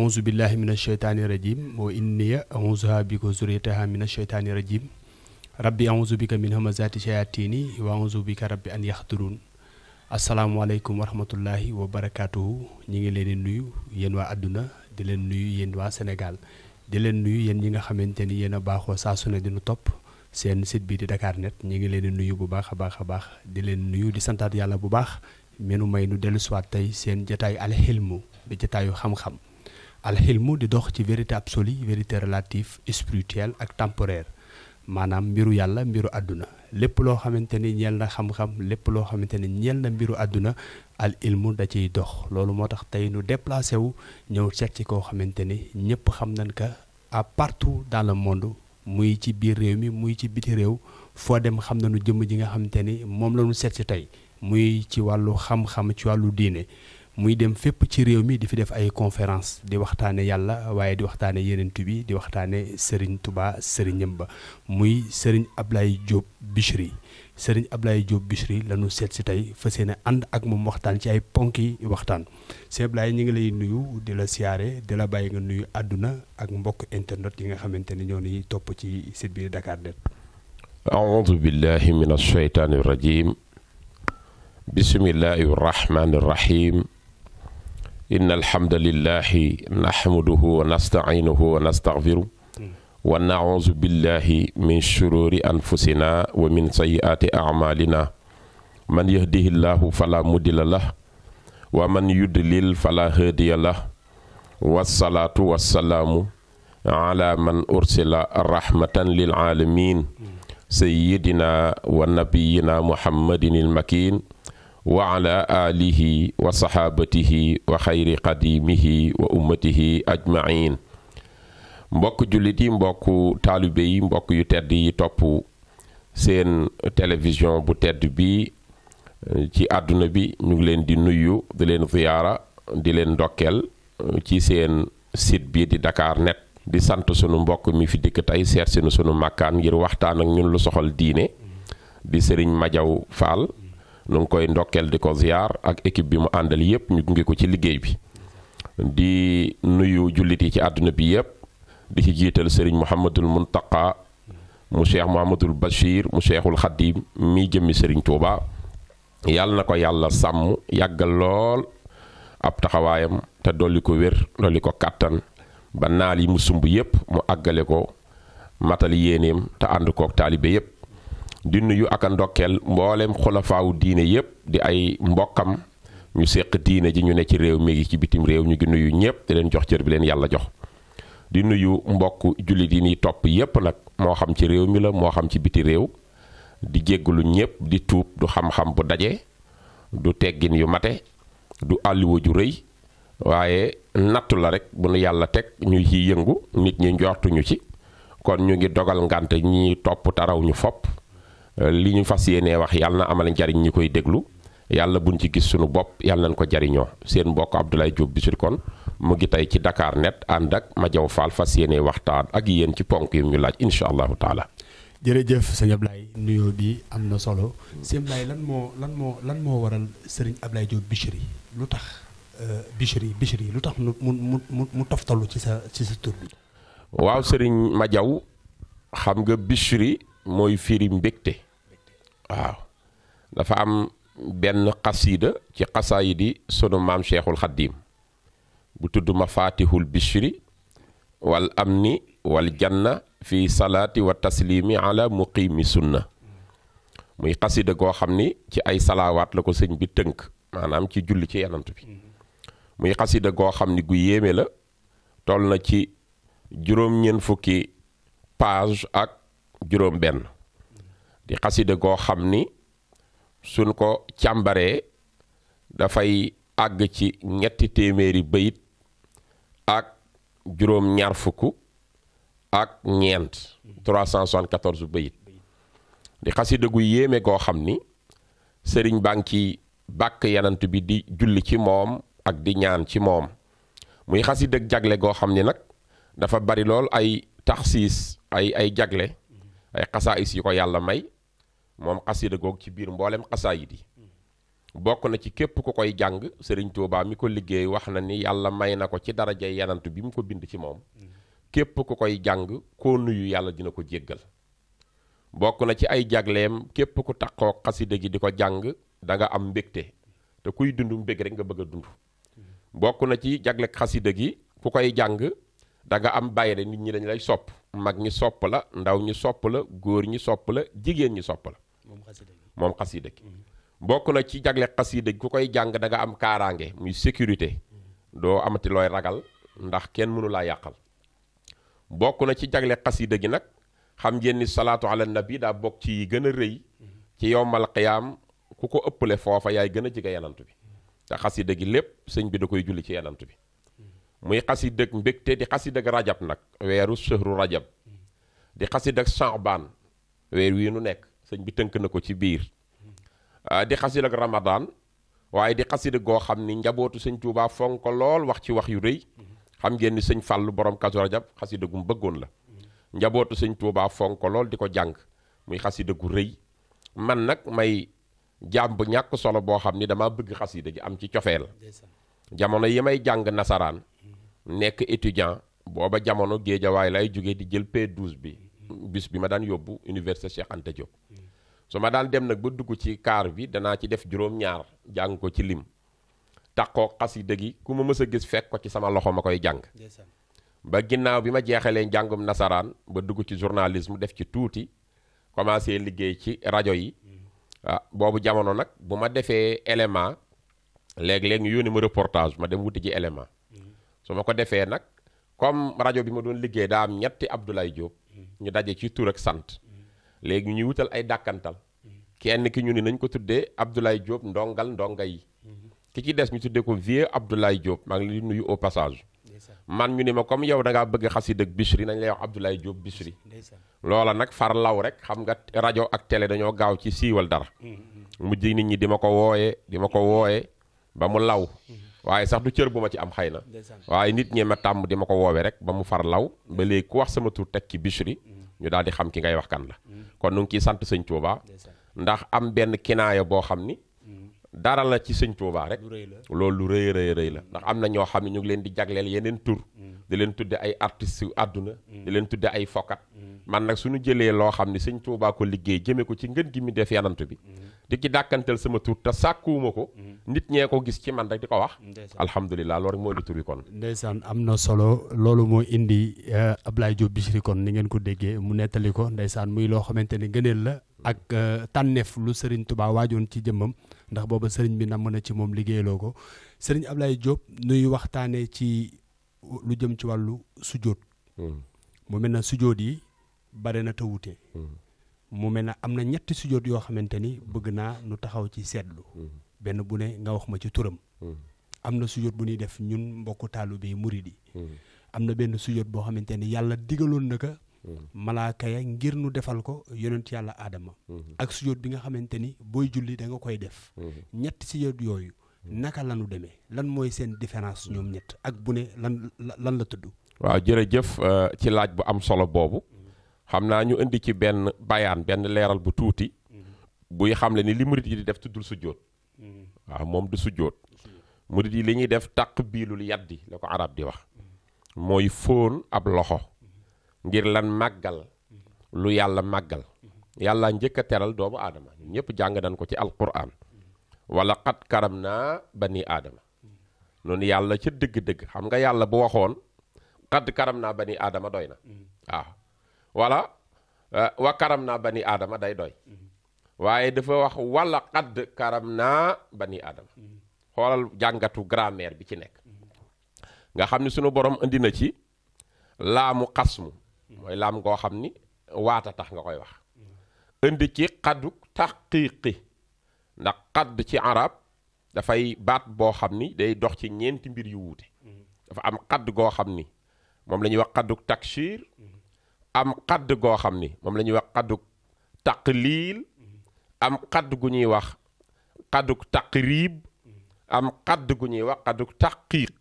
auzu billahi min asheytaani rajim wa inniya auzuha bika wa zuriyataha min asheytaani rajim rabbi auzu bika min hamazati shayatini wa auzu bika rabbi an yaxdurun asalaamaaleykum wa rahmatullahi wa barakaatuhu ñi ngi leen di nuyu yéen waa àdduna di leen nuyu yéen waa Sénégal di leen nuyu yéen ñi nga xamante ni yéen a baaxoo saa su ne dinu topp seen site bi di Dakar Net ñi ngi leen nuyu bu baax a baax a baax di leen nuyu di santaat yàlla bu baax menu may nu dellusiwaat tey seen jataayu alxilmu di jataayu xam-xam alxilmu di dox ci vérité absolue vérité relative spirituelle ak temporaire maanaam mbiru yàlla mbiru àdduna lépp loo xamante ni ñeel na xam-xam lépp loo xamante ni ñeel na mbiru àdduna al ilmu da ciy dox loolu moo tax tey nu déplacé wu ñëw seet ci koo xamante ni ñëpp xam nañ ka à partout dans le monde muy ci biir réew mi muy ci biti réew foo dem xam na nañu jëmm ji nga xamante ni moom la ñu seet si tey muy ci wàllu xam-xam ci wàllu diine muy dem fépp ci réew mi di fi def ay conférence di waxtaane yàlla waaye di waxtaane yenentu bi di waxtaane Serigne Touba sëriñam ba muy ab Ablaye Diop Bichri sëriñ Ablaye Diop Bichri la lañu seet si tey fas yéene ànd ak moom waxtaan ci ay ponk yi waxtaan Serigne Ablaye ñu ngi lay nuyu di la siyaare di la bàyyi nga nuyu àdduna ak mbokk internet yi nga xamante ni ñoo ni topp ci site bi Dakarnet aoudu billahi min alsheytaani irrajim bismillahi irrahmani irrahim إن الحمد لله نحمده ونستعينه ونستغفره ونعوذ بالله من شرور أنفسنا ومن سيئات أعمالنا من يهده الله فلا مضل له ومن يضلل فلا هادي له والصلاة والسلام على من أرسل رحمة للعالمين سيدنا ونبينا محمد المكين wa ala alihi wa saxaabatihi wa xayri qadimihi wa ummatihi ajmain mbokk jullit yi mbokku taalibe yi mbokk yu tedd yi topp seen télévision bu tedd bi euh, ci àdduna bi ñu ngi leen di nuyu di leen ziyaara di leen ndokkeel euh, ci seen site bi di dakaar Dakarnet di sant sunu mbokk mi fi dikk tey seet sinu sunu màkkaan ngir waxtaan ak ñun lu soxal diine di sëriñ Majaw Fall nu koy ndokkeel di ko ziar ak équipe bi mu àndal yëpp ñu gunge ko ci liggéey bi di nuyu jullit yi ci àdduna bi yëpp di ci jiital sëriñ Mouhamadul Muntaqa mu cheikh Mouhamadul Bachir mu cheikhul Xadim mi jëmmi sëriñ Touba yàlla na ko yàlla sàmm yàggal lool ab taxawaayam te dolli ko wér dolli ko kàttan ba naal yi mu sumb yëpp mu àggale ko matal yéeneem te ànd kook taalibe yëpp. di nuyu ak a ndokkeel mbooleem xulafaawu diine yépp di ay mbokkam ñu séq diine ji ñu ne ci réew mi ci bitim réew ñu ngi nuyu ñépp di leen jox cër bi leen yàlla jox di nuyu mbokk jullit yi ni topp yépp nag moo xam ci réew mi la moo xam ci biti réew di jéggalu ñépp di tuub du xam-xam bu daje du teggin yu mate du àlliwa ju rëy waaye nattu la rek bu nu yàlla teg ñu ciy yëngu nit ñi njortuñu ci kon ñu ngi dogal ngànt ñi topp taraw ñu fopp li ñu fas yéenee wax yàlla na amal njariñ ñi koy déglu yàlla buñ ci gis sunu bopp yàlla nañ ko jariñoo seen mbokk Abdoulaye Diop bichri kon mu ngi tey ci dakaar Net ànd ak Madiaw Fall fas yéenee waxtaan ak yéen ci ponk yi ñu laaj incha allahu taala. jërëjëf sëñ Ablaye nuyoo bi am na solo sëñ Ablaye lan moo lan moo lan moo waral sëriñ Ablaye Diop Bichri lu tax euh, Bichri Bichri lu tax mu mu mu mu toftalu ci sa ci sa tur waaw sëriñ Madiaw xam nga Bichri mooy firi mbégte. waaw dafa am benn xasiida ci xasaayidi sunu maam cheikhul xaddiim bu tudd mafaatihul bishri wal amni wal janna fi salaati wa taslimi ala muqiimi sunna muy xasida goo xam ni ci ay salaawaat la ko sëñ bi tënk maanaam ci julli ci yanant bi muy xasida goo xam ni gu yéeme la toll na ci juróom-ñeent fukki page ak juróom benn di xasida goo xam ni suñ ko càmbaree dafay àgg ci ñetti téeméeri bayit ak juróom ñaar fukk ak ñeent 374 bayit di xasida gu yéeme goo xam ni sëriñ baa ngi ci bàkk yanant bi di julli ci moom ak di ñaan ci moom muy xasida jagle goo xam ni nag dafa bari lool ay taxsiis ay ay jagle ay xasaayis yu ko yàlla may moom xasida googu ci biir mboolem xasaayid yi bokk na ci képp ku koy jàng sëriñ Tuubaa mi ko liggéey wax na ni yàlla may na ko ci daraja yanant bi mu ko bind ci moom képp ku koy jàng koo nuyu yàlla dina ko jéggal bokk na ci ay jagleem képp ku takkoo xasida gi di ko jàng danga am mbégte te kuy dund mbég rek nga bëgg a dund bokk na ci jagle xasida gi ku koy jàng danga am bayre nit ñi dañ lay sopp mag ñi sopp la ndaw ñi sopp la góor ñi sopp jigéen ñi sopp moom xasida gi bokk na ci jagle xasida gi ku koy jàng danga am kaaraange muy sécurité doo amatilooy ragal ndax kenn mënu laa yàqal bokk na ci jagle xasida gi nag xam ngeen ni salaatu ala nabi daa bokk ci yi gën a rëy ci yowmal qiyaam ku ko ëppale foofa yaay gën a jege yanantu bi te xasida gi lépp sëñ bi da koy julli ci yenant bi muy xasida ak mbégte di xasida ak rajab nag weeru sëhru rajab di xasida ak Sha'ban weer wii nu nekk sëñ bi tënk na ko ci biir ah, di xasida ak Ramadan waaye di xasida goo xam ni njabootu sëñ Tuubaa fonk ko lool wax ci wax yu rëy xam ngeen ni sëñ Fàllu borom Kazu Rajab xasida gu mu bëggoon la njabootu sëñ Tuubaa fonk ko lool di ko jàng muy xasida gu rëy man nag may jaam bu ñàkk solo boo xam ni dama bëgg xasida ji am ci cofeel jamono yi may jàng nasaraan nekk étudiant booba jamono géejawaay lay jóge di jël P12 bi bis bi ma daan yóbbu université Cheikh Anta Diop su ma daan dem nag ba dugg ci kaar bi danaa ci def juróom-ñaar jàng ko ci lim taqoo yi gi ku ma mës a gis fekk ko ci sama loxo ma koy jàng ba ginnaaw bi ma jeexalee njàngum nasaraan ba dugg ci journalisme def ci tuuti commencé liggéey ci rajo yi mm-hmm. ah boobu jamono nag bu ma defee élément léeg-léeg ñu yónni ma reportage ma dem wuti ci élément mm-hmm. su ma ko defee nag comme rajo bi ma doon liggéey daa am ñetti Abdoulaye Diop mm-hmm. ñu daje ci tur ak sant léegi ñuy wutal ay dàkkantal kenn ki ñu ni nañ ko tuddee Abdoulaye Diop ndongal ndonga yi mhm. ki ci des ñu tuddee ko vieux Abdoulaye Diop maa ngi lay nuyu au passage man ñu ni ma comme yow da ngaa bëgg xasida ak Bichri nañ lay wax Abdoulaye Diop Bichri loola nag far law rek xam nga rajo ak tele dañoo gaaw ci siiwal dara mu mhm. mujj nit ñi di ma ko wooyee di ma ko mhm. wooyee ba mu law waaye sax du cër bu ma ci am xëy na waaye nit ñee ma tàmm di ma ko woowee rek ba mu far law ba léegi wax sama tur teg ci Bichri ñu daal di xam ki ngay wax kan la mm. kon nu ngi sant sëñ Tuuba ndax am benn kinaaya boo xam ni dara la ci sëñ Tuubaa rek loolu lu rëy rëy rëy la ndax am na ñoo xam ne ñu ngi leen di jagleel yeneen tur mm. di leen tudde ay artistes yu àdduna mm. di leen tudde ay fokat mm. man nag su suñu jëlee loo xam ne sëñ Tuubaa ko liggéey jëme ko ci ngën gi mi def yanant bi di ci dàkkantal sama tur te sàkkuwuma ko nit ñee ko gis ci man rek di ko wax alhamdulilah loolu rek moo lu tur yi kon ndeysaan am na solo loolu moo indi eh, Ablaye Diop Bichri kon ni ngeen ko déggee mu nettali ko ndeysaan muy loo xamante ni gëneel la ak euh, tànneef lu Serigne Touba waajoon ci jëmmam ndax booba sëriñ bi namm na ci moom liggéeyloo ko sëriñ Serigne Ablaye Diop nuy waxtaanee ci lu jëm ci wàllu sujjóot. Hmm. mu mel na sujjóot yi bare na te wuute. Hmm. mu mel na am na ñetti sujjóot yoo xamante ni bëgg naa nu taxaw ci seetlu. Hmm. benn bu ne nga wax ma ci turam. am na sujjóot bu ñuy def ñun mbokku taalu bi murid yi am na benn sujjóot boo xamante ni yàlla digaloon na malaaka ya ngir nu defal ko yonent yàlla aadama mhm. ak sujjóot bi nga xamante ni booy julli danga koy def mhm. ñetti sujjóot yooyu mhm. naka lanu demee lan mooy seen différence ñoom ñett ak bu ne lan lan la tudd waaw jërëjëf euh, ci laaj bu am solo boobu xam naa ñu indi ci benn bayaan benn leeral bu tuuti buy xamle ni li murit yi di def tuddul sujjóot waaw moom du sujjóot murit yi li ñuy def taq biilul yaddi la ko arab di wax mooy fóon ab loxo ngir lan màggal lu yàlla màggal yàlla njëkk a teral doomu aadama ñun ñëpp jàng nañ ko ci alquran wala qad karam naa bani aadama noonu yàlla ca dëgg-dëgg xam nga yàlla bu waxoon qad karam naa bani aadama doy na wala wa karam bani aadama day doy waaye dafa wax wala qad karam naa bani aadama xoolal jàngatu grammaire bi ci nekk nga xam ne sunu borom indi na ci laamu xasmu mooy laam goo xam ni waata tax nga koy wax indi ci xaddu taqiiqi ndax xadd ci arab dafay baat boo xam ni day dox ci ñeenti mbir yu wuute dafa am xadd goo xam ni moom lañuy ñuy wax xadduk takshiir am xadd goo xam ni moom la ñuy wax xadduk taqliil am xadd gu ñuy wax xadduk taqrib am xadd gu ñuy wax xadduk taqiiq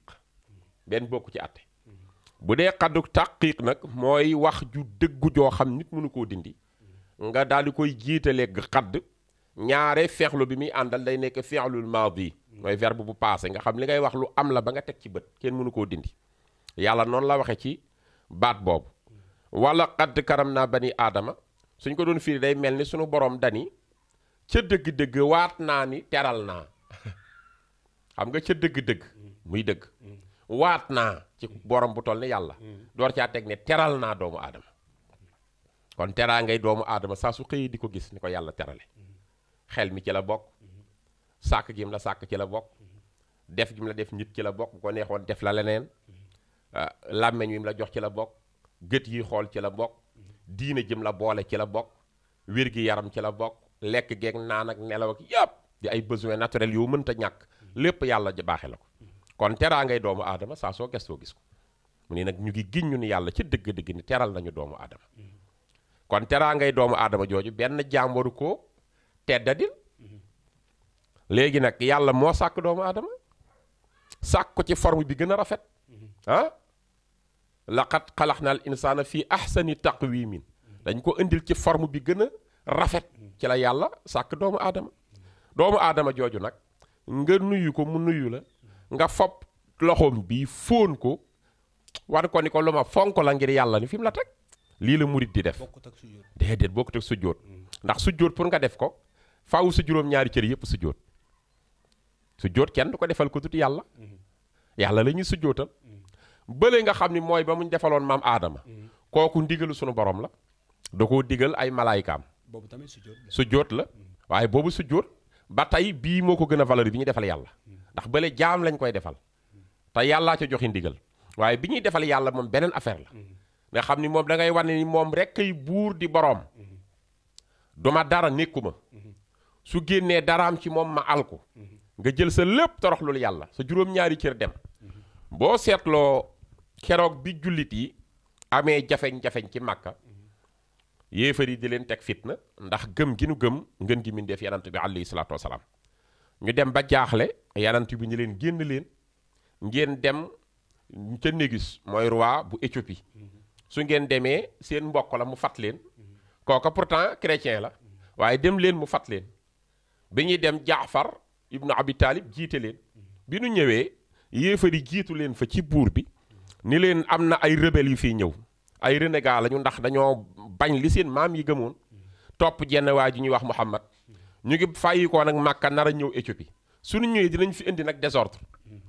benn bokku ci àtte bu dee xaddu taqiq nag mooy wax ju dëggu joo xam nit mënu koo dindi nga daal di koy jiitaleeg xadd ñaare feexlu bi muy àndal day nekk feexlul maadi mooy verb bu paase nga xam li ngay wax lu am la ba nga teg ci bët kenn mënu koo dindi yàlla noonu la waxee ci baat boobu wala xadd karam naa bani aadama suñ ko doon firi day mel ni sunu borom dani ca dëgg-dëgg waat naa ni teral naa xam nga ca dëgg-dëgg mm. muy dëgg mm. waat naa ci borom bu toll ni yàlla hmm. door caa teg ne teral naa doomu aadama kon teraa ngay doomu aadama saa su xëyee di ko gis ni ko yàlla terale hmm. xel mi ci la bokk hmm. sàkk gi la sàkk ci la bokk def gi la def nit ci la bokk bu ko neexoon def la leneen ah, làmmeñ wi mu la jox ci la bokk gët yi xool ci la bokk diine jëm la boole ci la bokk wér gi yaram ci la bokk lekk geeg naan ak nelaw ak yëpp di ay besoin naturel yu mënta ñàkk lépp yàlla baaxe la ko kon teraa ngay doomu aadama saa soo gestoo gis ko mu ne nag ñu ngi giñ ñu ni yàlla ci dëgg-dëgg ni teral nañu doomu aadama kon teraa ngay doomu aadama jooju benn jàmbaru ko teddadil léegi nag yàlla moo sàkk doomu aadama sàkk ko ci forme bi gën a rafet ah laqad xalaxna al insaana fii ahsani taqwimin dañ ko indil ci forme bi gën a rafet ci la yàlla sàkk doomu aadama doomu aadama jooju nag nga nuyu ko mu nuyu la nga fopp loxoom bii fóon ko war ko ni ko lu ma fonk la ngir yàlla ni fi mu la teg lii la murit di def déedéet bokkut ak sujjóot mm. ndax sujjóot pour nga def ko faaw sa juróom-ñaari cër yëpp sujjóot sujjóot kenn du ko defal ko tuuti yàlla mm-hmm. yàlla la ñuy sujjóotal mm. bële nga xam ni mooy ba muñ defaloon maam aadama mm. kooku ndigalu sunu borom la da koo digal ay malaaykaam sujjóot la waaye boobu sujjóot ba tey bii moo ko gën a valeur bi ñu defal yàlla ndax bële jaam lañ koy defal te yàllaa ca joxe ndigal waaye bi ñuy defal yàlla moom beneen affaire la nga xam ni moom dangay wane ni moom rek kay buur di boroom duma dara nekkuma su génnee daraam ci moom ma alku nga jël sa lépp toroxlul yàlla sa juróom-ñaari cër dem boo seetloo keroog bi jullit yi amee jafeñ-jafeñ ci màkka yéefar yi di leen teg na ndax gëm gi nu gëm ngën gi min def yenant bi alayhi salaatu wasalaam ñu dem ba jaaxle yanant bi ñu leen génn leen ngeen dem ca Négus mooy roi bu Éthiopie su ngeen demee seen mbokk la mu fat leen kooka pourtant chrétien la waaye dem leen mu fat leen bi ñuy dem Jaafar ibnu Abi Taalib jiite leen bi nu ñëwee yéefari jiitu leen fa ci buur bi ni leen am na ay rebelle yu fi ñëw ay renégat lañu ndax dañoo bañ li seen maam yi gëmoon topp jenn waa ji ñuy wax Muhammad ñu ngi fàyyi ko nag Màkka nar a ñëw Éthiopie suñu ñëwee dinañ fi indi nag désordre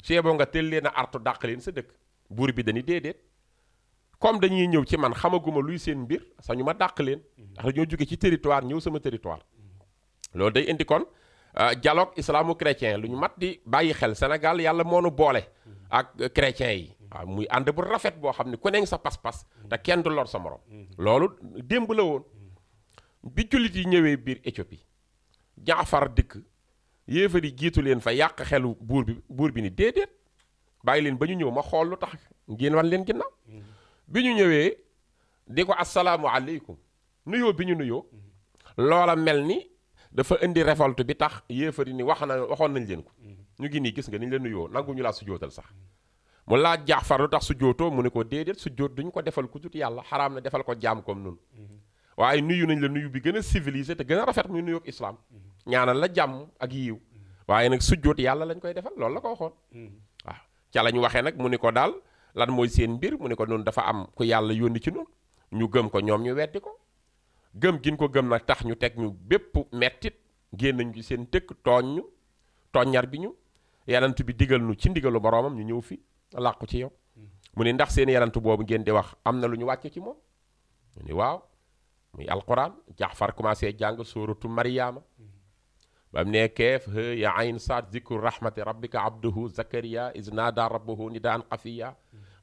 su boo nga teel na a artu dàq leen sa dëkk buur bi dañuy déedéet comme dañuy ñëw ci man xamaguma luy seen mbir sañu ma dàq leen ndax dañoo jóge ci territoire ñëw sama territoire loolu day indi kon euh, dialogue islamo-chrétien lu ñu mat di bàyyi xel Sénégal yàlla moo moonu boole ak chrétien yi waaw muy ànd bu rafet boo xam ne ku nekk sa pas-pas te kenn du lor sa morom mm. loolu démb la woon ñëwee biir Éthiopie jaafar dikk yéefar yi jiitu leen fa yàq xelu buur bi buur bi ni déedéet bàyyi leen ba ñu ñëw ma xool lu tax ngeen wan leen ginnaaw mm-hmm. bi ñu ñëwee di ko asalaamu aleykum nuyoo bi ñu nuyoo mm-hmm. loola mel ni dafa indi révolte bi tax yéefar yi ni wax na waxoon nañ leen ko mm-hmm. ñu ngi nii gis nga niñ la nuyoo nangu ñu laa sujootal sax mu laaj jaafar lu tax sujootoo mu ne ko déedéet sujoot duñ ko defal ku dut yàlla xaraam na defal ko jaam koom nun waaye nuyu nañ la nuyu bi gën a civilisé te gën a rafet muy nuyoog islam ñaanal la jàmm ak yiw waaye nag sujjóot yàlla lañ koy defal loolu la ko waxoon waaw ca lañ waxee nag mu ni ko daal lan mooy seen mbir mu ni ko noonu dafa am ku yàlla yónni ci noonu ñu gëm ko ñoom ñu weddi ko gëm gin ko gëm nag tax ñu teg ñu bépp mettit génn nañ ci seen dëkk tooñ ñu tooññar bi ñu yarantu bi digal nu ci ndigalu boroomam ñu ñëw fi làqu ci yow mu ni ndax seen yarantu boobu ngeen di wax am na lu ñu wàcce ci moom mu ni waaw muy alquran jaafar commencé jàng sóoratu mariyaama ba mu ne keef hë ya ayn saat zikru rahmati rabbika abduhu zakariya iz naada rabbahu nidaan xafiya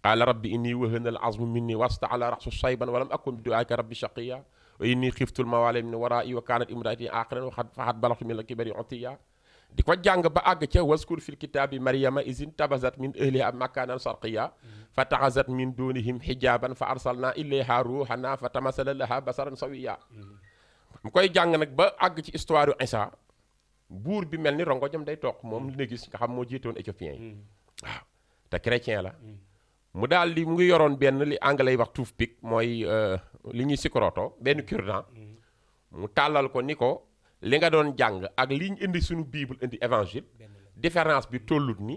qaala rabbi inni wahana al azmu minni wasta ala rasu shayban walam akun bi duaaka rabbi shaqiya wa inni xiftul mawaale min waraa'i wa kaanat imraati aaqiran wa qad balagtu min al kibari utiya di ko jàng ba àgg ca waskur fil kitaabi maryama izin tabazat min ahliha makaanan sarqiya fa taxazat min duunihim xijaaban fa arsalna ilayha ruuxana fa tamasala laha basaran sawiya mm-hmm. mu koy jàng nag ba àgg ci histoire yu Isa buur bi mel ni rongo jëm day toog moom mm. li nga nga xam moo jiite woon éthiopiens yi mm. waaw te chrétien la mm. mu daal di mu ngi yoroon benn li anglais yi wax pik mooy euh, li ñuy sikoroto benn cure mu tàllal ko ni ko li nga doon jàng ak li ñu indi suñu bible indi évangile différence bi tollut ni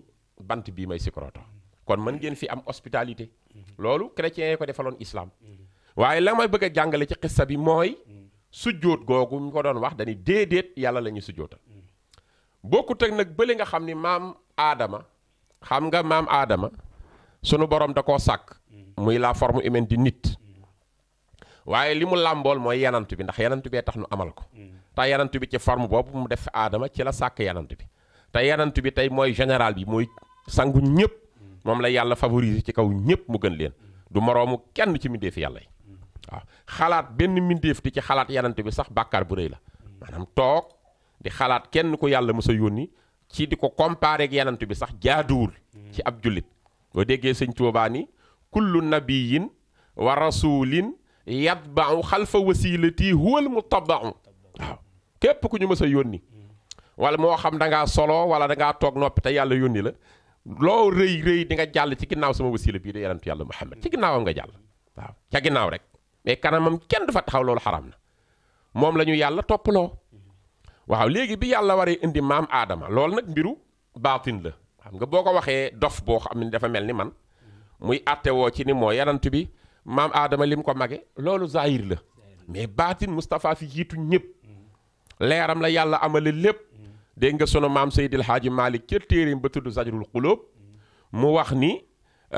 bant bii may sikoroto kon mën ngeen fi am hospitalité loolu chrétien yi ko defaloon islaam waaye la may bëgg a jàngale ci xissa bi mooy sujjóot googu ñu ko doon wax dañuy déedéet yàlla la ñuy sujjóotal bokkut ak nag bële nga xam ni maam aadama xam nga maam aadama sunu borom da koo sàkk mm-hmm. muy la forme humaine di nit mm-hmm. waaye li mu làmbool mooy yanant bi ndax yanant bee tax nu amal ko mm-hmm. te yanant bi ci forme boobu mu def aadama ci la sàkk yanant bi te yanant bi tey mooy général bi mooy sangu ñëpp moom la yàlla favorise ci kaw ñëpp mu gën leen du moroomu kenn ci mbindeef yàlla yi waaw xalaat benn mbindeef di ci xalaat yanant bi sax bàkkaar bu rëy la di xalaat kenn ku yàlla mës a yónni ci di ko comparé ak bi sax jaaduwul hmm. ci ab jullit boo déggee sëñ Tuubaa ni kullu nabiyin wa rasulin yatba'u xalfa wasilati huwal muttaba'u waaw képp ku ñu mës a yónni hmm. wala moo xam da ngaa solo wala da ngaa toog noppi te yàlla yónni la loo rëy rëy di nga jàll ci ginnaaw sama wasila bii di yanantu yàlla Muhammad ci ginnaawam nga jàll waaw ca ginnaaw rek mais kanamam kenn du fa taxaw loolu xaram na moom la waaw léegi bi yàlla waree indi maam aadama lool nag mbiru baatin la xam nga boo ko waxee dof boo xam ne dafa mel ni man muy àttewoo ci ni moo yarant bi maam aadama lim ko mage loolu zahir la mais baatin Moustapha fi jiitu ñëpp leeram la yàlla amale lépp dégg nga sunu maam Seydil Hadji Malick ca téeréem ba tudd Zajrul Qulub mu wax ni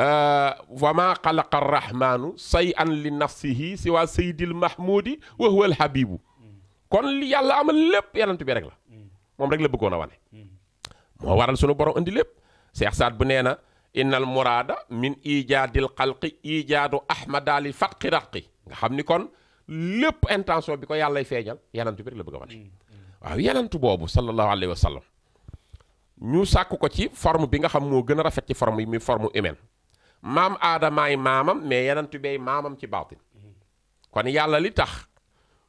euh, wa maa xalaqa arrahmanu say an li nafsihi siwa Seydil Mahmoudi wa huwa kon li yàlla amal lépp yonent bi rek la moom rek la bëggoon a wane. moo waral sunu borom indi lépp Seex saat bu nee na innal muraada min ijaadil xalqi ijaadu ahmada li fatqi ratqi nga xam ni kon lépp intention bi ko yàllay feeñal yonent bi rek la bëgg a wane. waaw yenentu boobu sallallahu alayhi wa sallam ñu sàkk ko ci forme bi nga xam moo gën a rafet ci forme yi muy formu humaine maam aadamaay maamam mais yonent bey maamam ci baatin kon yàlla li tax.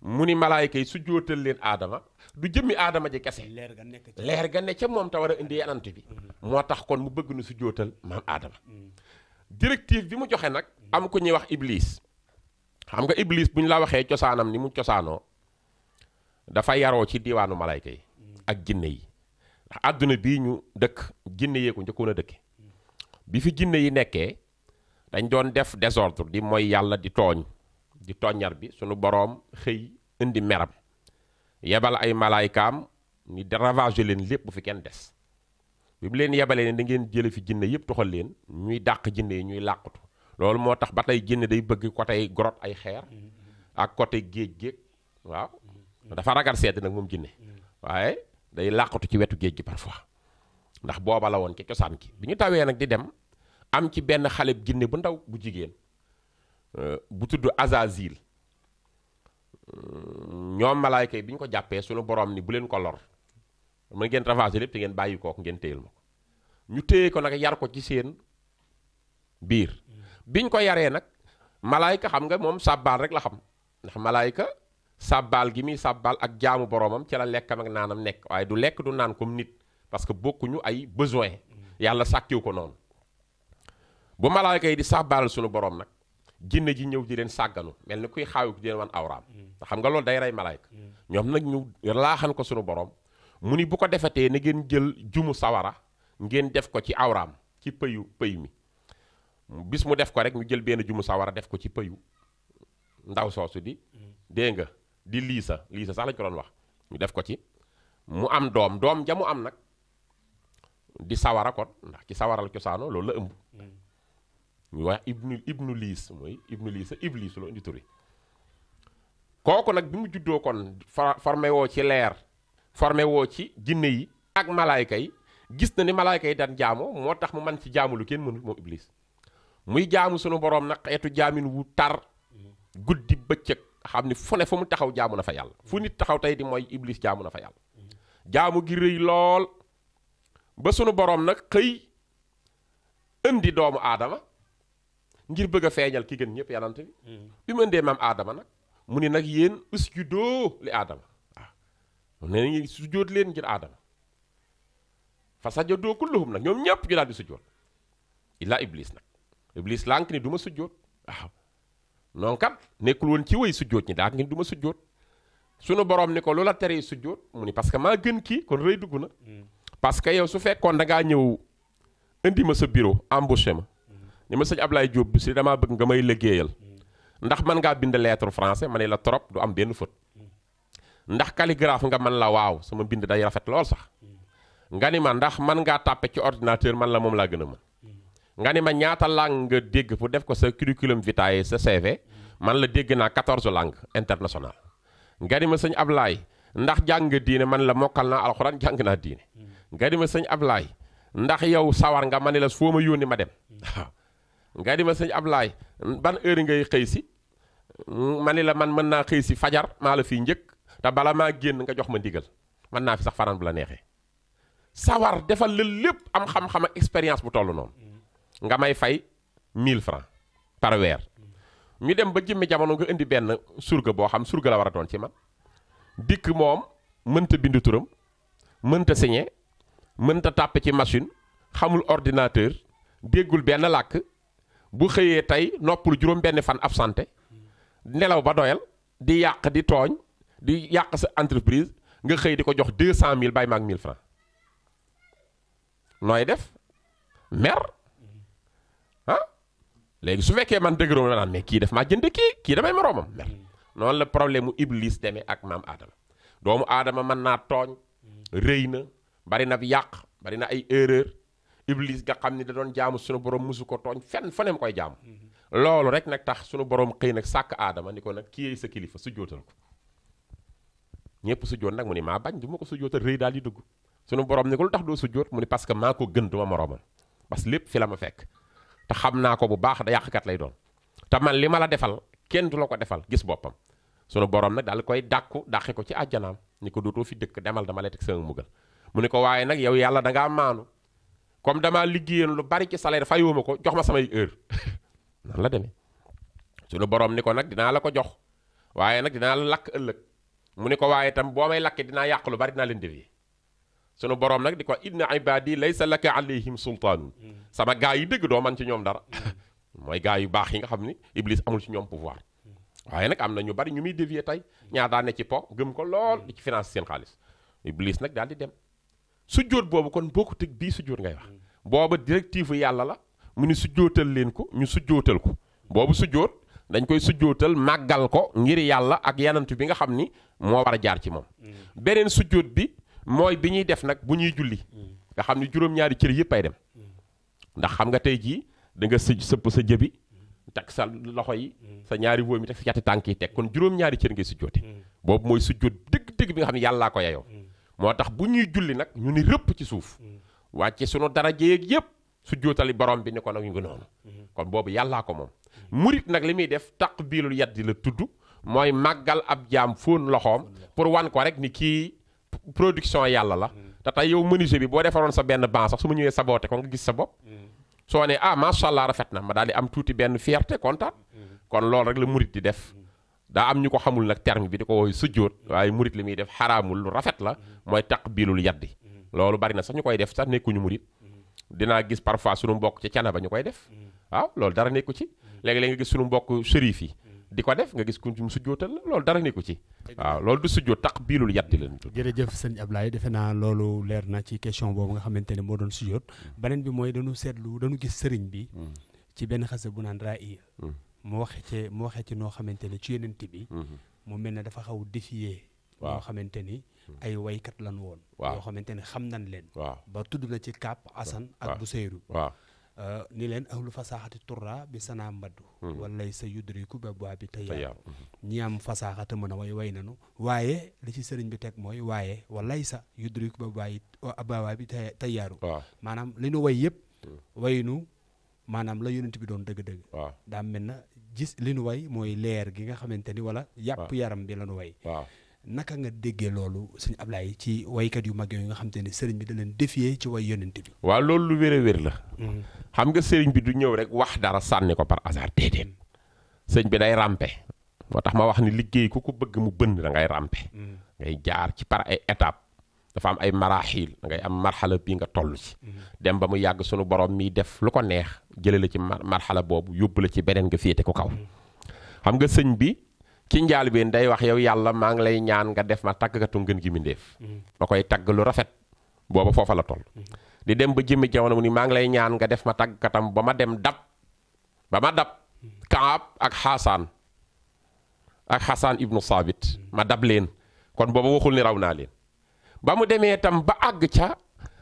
mu ni malaayika yi su jootal leen aadama du jëmmi aadama ji kese leer ga ne ca moom te war a indi yanant bi mm-hmm. moo tax kon mu bëgg nu su jootal maam aadama mm-hmm. directive bi mu joxe nag am ku ñuy wax iblis xam nga iblis bu ñu la waxee cosaanam ni mu cosaanoo dafa yaroo ci diiwaanu malayka yi mm-hmm. ak jinne yi ndax àdduna bii ñu dëkk jinne yee ko njëkkoon a dëkke bi fi jinne yi nekkee dañ doon def désordre di mooy yàlla di tooñ di toññar bi sunu boroom xëy indi meram yebal ay malaaykaam ni ravager leen lépp bu fi kenn des bi mu leen yebalee ne da ngeen jële fi jinne yëpp toxal leen ñuy dàq jinne yi ñuy làqutu loolu moo tax ba tey jinne day bëgg côté grotte ay xeer ak côté géej géej waaw dafa ragal sedd nag moom jinne waaye day làqutu ci wetu géej gi parfois ndax booba la woon ci cosaan gi bu ñu tawee nag di dem am ci benn xale jinne bu ndaw bu jigéen Euh, bu tudd Azazil euh, ñoom malaayka yi bi ñu ko jàppee sunu borom ni bu leen ko lor man ngeen ravagé lépp te ngeen bàyyi kook ngeen téyel ma ko ñu téye ko nag yar ko ci seen biir biñ ko yaree nag malaayka xam nga moom sàbbaal rek la xam ndax malaayka sàbbaal gi muy sàbbaal ak jaamu boromam ci la lekkam ak naanam nekk waaye du lekk du naan comme nit parce que bokkuñu ay besoin yàlla sàkkiw ko noonu bu malaayka yi di sàbbaalal sunu borom nag jinne ji ñëw di leen sàgganu mel ni kuy xaayu di leen wan awraam te xam nga loolu day rey malaayka ñoom nag ñu laaxan ko sunu borom mu ni bu ko defetee na ngeen jël jumu sawara ngeen def ko ci awraam ci pëyu pëy mi bis mu def ko rek ñu jël benn jumu sawara def ko ci pëyu ndaw soosu di dée nga di liisa liisa sax lañ ko doon wax ñu def ko ci mu am doom doom jamu am nag di sawara kon ndax ci sawaral cosaano loolu la ëmb muy wax ibnu ibnu liis mooy ibnu liis sa loo indi turi kooku nag bi mu juddoo kon formé woo ci leer formé woo ci jinne yi ak malaayka yi gis na ni malaayka yi daan jaamoo moo tax mu man ci jaamu kenn mënul moom iblis muy jaamu sunu borom nag xeetu jaamin wu tar guddi bëccëg xam ni fu ne fu mu taxaw jaamu na fa yàlla fu nit taxaw tey di mooy iblis jaamu na fa yàlla jaamu gi rëy lool ba sunu borom na xëy indi doomu aadama ngir bëgg a feeñal ki gën ñëpp yonent bi ma hmm. mu indee aadama nag mu ni nag yéen usjudoo li aadama waaw ah. nee nañu sujjóot leen ngir aadama fa sajadoo kulluhum nag ñoom ñëpp ñu daal di sujjóot illaa iblis nag iblis lànk ni du ma sujjóot waaw noonu kat nekkul woon ci way sujjóot ñi daak ngi du ma sujjóot sunu borom ni ko loola teree sujjóot mu ni parce que maa gën kii kon rëy dugg na hmm. parce que yow su fekkoon da ngaa ñëw indi ma sa bureau embauché ma li ma sëñ Ablaye Diop bi si damaa bëgg nga may liggéeyal ndax man ngaa bind lettre français ma ne la trop du am benn faute ndax calligraphe nga man la waaw sama bind day rafet lool sax nga ni ma ndax man ngaa tàppe ci ordinateur man la moom laa gën a mën nga ni ma ñaata langue nga dégg pour def ko sa curriculum vitae sa CV man la dégg naa 14 langues internationales nga ni ma sëñ Ablaye ndax jàng nga diine man la mokkal naa alxuraan jàng naa diine nga ni ma sëñ ndax yow sawar nga ma ne la foo ma yónni ma dem hmm. nga di ma sëñ ab laay ban heure ngay xëy si ma ni la man mën naa xëy si fajar maa la fiy njëkk te bala maa génn nga jox ma ndigal mën naa fi sax fanaan bu la neexee sawar defal la lépp am xam-xam ak expérience bu toll noonu nga may fay 1000 francs par weer ñu dem ba jëmmi jamono nga indi benn surga boo xam surga la war a doon ci man dikk moom mënta bind turam mënta signé mënta tàppe ci machine xamul ordinateur déggul benn làkk bu xëyee tey noppalu juróom benn fan absenté nelaw ba doyal di yàq di tooñ di yàq sa entreprise nga xëy di ko jox deux cent mille bàyyi ma ak mille nooy def mer ah léegi su fekkee man dëgëroom la naan mais kii def maa jënd kii kii damay moroomam mer noonu la problème mu iblis demee ak maam aadama doomu aadama mën naa tooñ rëy na bari na yàq bari na ay erreur iblis nga xam ni da doon jaamu sunu borom musu ko tooñ fenn fa mu koy jaamu. loolu rek nag tax sunu borom xëy nag sàkk aadama ni ko nag kii sa kilifa su jootal ko ñëpp su joot nag mu ni maa bañ du ma ko su jootal rëy daal di dugg sunu borom ni ko lu tax doo su joot mu ni parce que maa ko gën duma moroomam parce que lépp fi la ma fekk te xam naa ko bu baax da yàqkat lay doon te man li ma la defal kenn du la ko defal gis boppam. sunu borom nag daal koy dàkku dàqe ko ci àjjanaam ni ko dootoo fi dëkk demal dama lay teg sama mugal mu yàlla da ngaa maanu comme damaa liggéeyoon lu bari ci fay fayoo ma ko jox ma samay heure nan la demee suñu borom ni ko nag dinaa la ko jox waaye nag dinaa la lakk ëllëg mu ni ko waaye itam boo may lakkee dinaa yàq lu bari dinaa leen dévier sunu borom nag di ko inna ibadi laysa laka alayhim sultaanun mm. sama gaa yi dëgg doo man ci ñoom dara mm. mooy gaa yu baax yi nga xam ni iblis amul ci ñoom pouvoir mm. waaye nag am na ñu bari ñu muy dévier tey ñaa daa ne ci po gëm ko lool ci finance seen xaalis iblis nag di dem sujjóot boobu kon bokkut ak bii sujjóot ngay wax booba directive yàlla la mu ni sujjóotal leen ko ñu sujjóotal ko boobu sujjóot dañ koy sujjóotal màggal ko ngir yàlla ak yanantu bi nga xam ni moo war a jaar ci moom mm. beneen sujjóot bi mooy bi ñuy def nag bu ñuy julli mm. nga xam ni juróom-ñaari cër yëpp ay dem mm. ndax xam nga tey jii da nga sëj sëpp sa jëbi teg sa loxo yi sa ñaari wóom yi teg sa cati tànk yi teg kon juróom-ñaari cër ngay sujjóote boobu mooy sujjóot dëgg dëgg bi nga xam ne yàllaa ko yeyoo moo tax bu ñuy julli nag ñu ni rëpp ci suuf mm. wàcce sunu dara yeeg yëpp su jootali borom bi ni ko nag ñu ngi noonu mm-hmm. kon boobu yàllaa ko moom mm-hmm. murit nag li muy def taqbilul yaddi la tudd mooy màggal ab jaam fóon loxoom pour wan ko rek ni kii production yàlla la mm. te yow menuisier bi boo defaroon sa benn ban sax su ma ñëwee saboote ko nga gis sa bopp mm. soo nee ah macha allah rafet na ma daal di am tuuti benn fierté kontaan kon loolu rek la murit di def daa am ñu ko xamul nag terme bi di ko woy sujjóot waaye murit li muy def xaraamul lu rafet la mooy taqbilul yaddi loolu bari na sax ñu koy def sax nekkuñu murit dinaa gis parfois suñu mbokk ci cana ba ñu koy def waaw loolu dara nekku ci léegi-léeg nga gis sunu mbokk shérif yi di ko def nga gis ku mu sujjootal la loolu dara nekku ci waaw loolu du sujjoot taqbiilul yaddi la ñu tudd jërëjëf sëñ Ablaye defe naa loolu leer na ci question boobu nga xamante ne moo doon sujjoot beneen bi mooy dañu seetlu dañu gis sëriñ bi hmm. ci benn xase bu naan raa mu waxee ci mu waxee ci noo xamante ne ci yeneen bi mhm. mu mel ne dafa xaw a défier xamante ni mhm. ay waykat lan woon yoo xamante ni xam nan leen ba tudd na ci Kaap Asan ak bu Seyru euh, ni leen ahlu fasaaxati turra bi sanaa mbaddu mhm. wallay sa yudriku ba boi bi taya ñi am fasaaxata mën a way way nanu waaye li ci sëriñ bi teg mooy waaye wallay sa yudriku ba boi abawaa bi tayaaru maanaam li nu way yëpp waynu maanaam la yonent bi doon dëgg-dëgg daa mel na gis li nu way mooy leer gi nga xamante ni wala yàpp yaram bi la nu way waaw naka nga déggee loolu sëñ Ablaye ci waykat yu mag yooyu nga xamante ni sëriñ bi da leen défier ci way yonent bi waaw loolu lu wér a wér la mm-hmm. xam nga sëriñ bi du ñëw rek wax dara sànni ko par hasard déedéet mm-hmm. sëñ bi day rampe moo tax ma wax ni liggéey ku ko bëgg mu bën da ngay rampe mm-hmm. ngay jaar ci par ay étape dafa am ay maraaxiil da ngay am marxala bii nga tollu ci. Mhm. dem ba mu yàgg sunu borom mii def lu ko neex jëlee la ci marxala boobu yóbbu la ci beneen nga féete ku kaw. Mhm. xam nga sëñ bi ci njaal bi day wax yow yàlla maa ngi lay ñaan nga def ma tàggkatu ngën gi mindéef mhm. ma koy tagg lu rafet booba foofa la toll. dem ba jëmmi jamono mu ni maa ngi lay ñaan nga def ma tàggkatam ba ma dem dab ba ma dab Kaab ak Xaasaan ak Xasaan ibnu Saabit ma dab leen kon booba waxul ni raw naa leen. ba mu demee tam ba àgg ca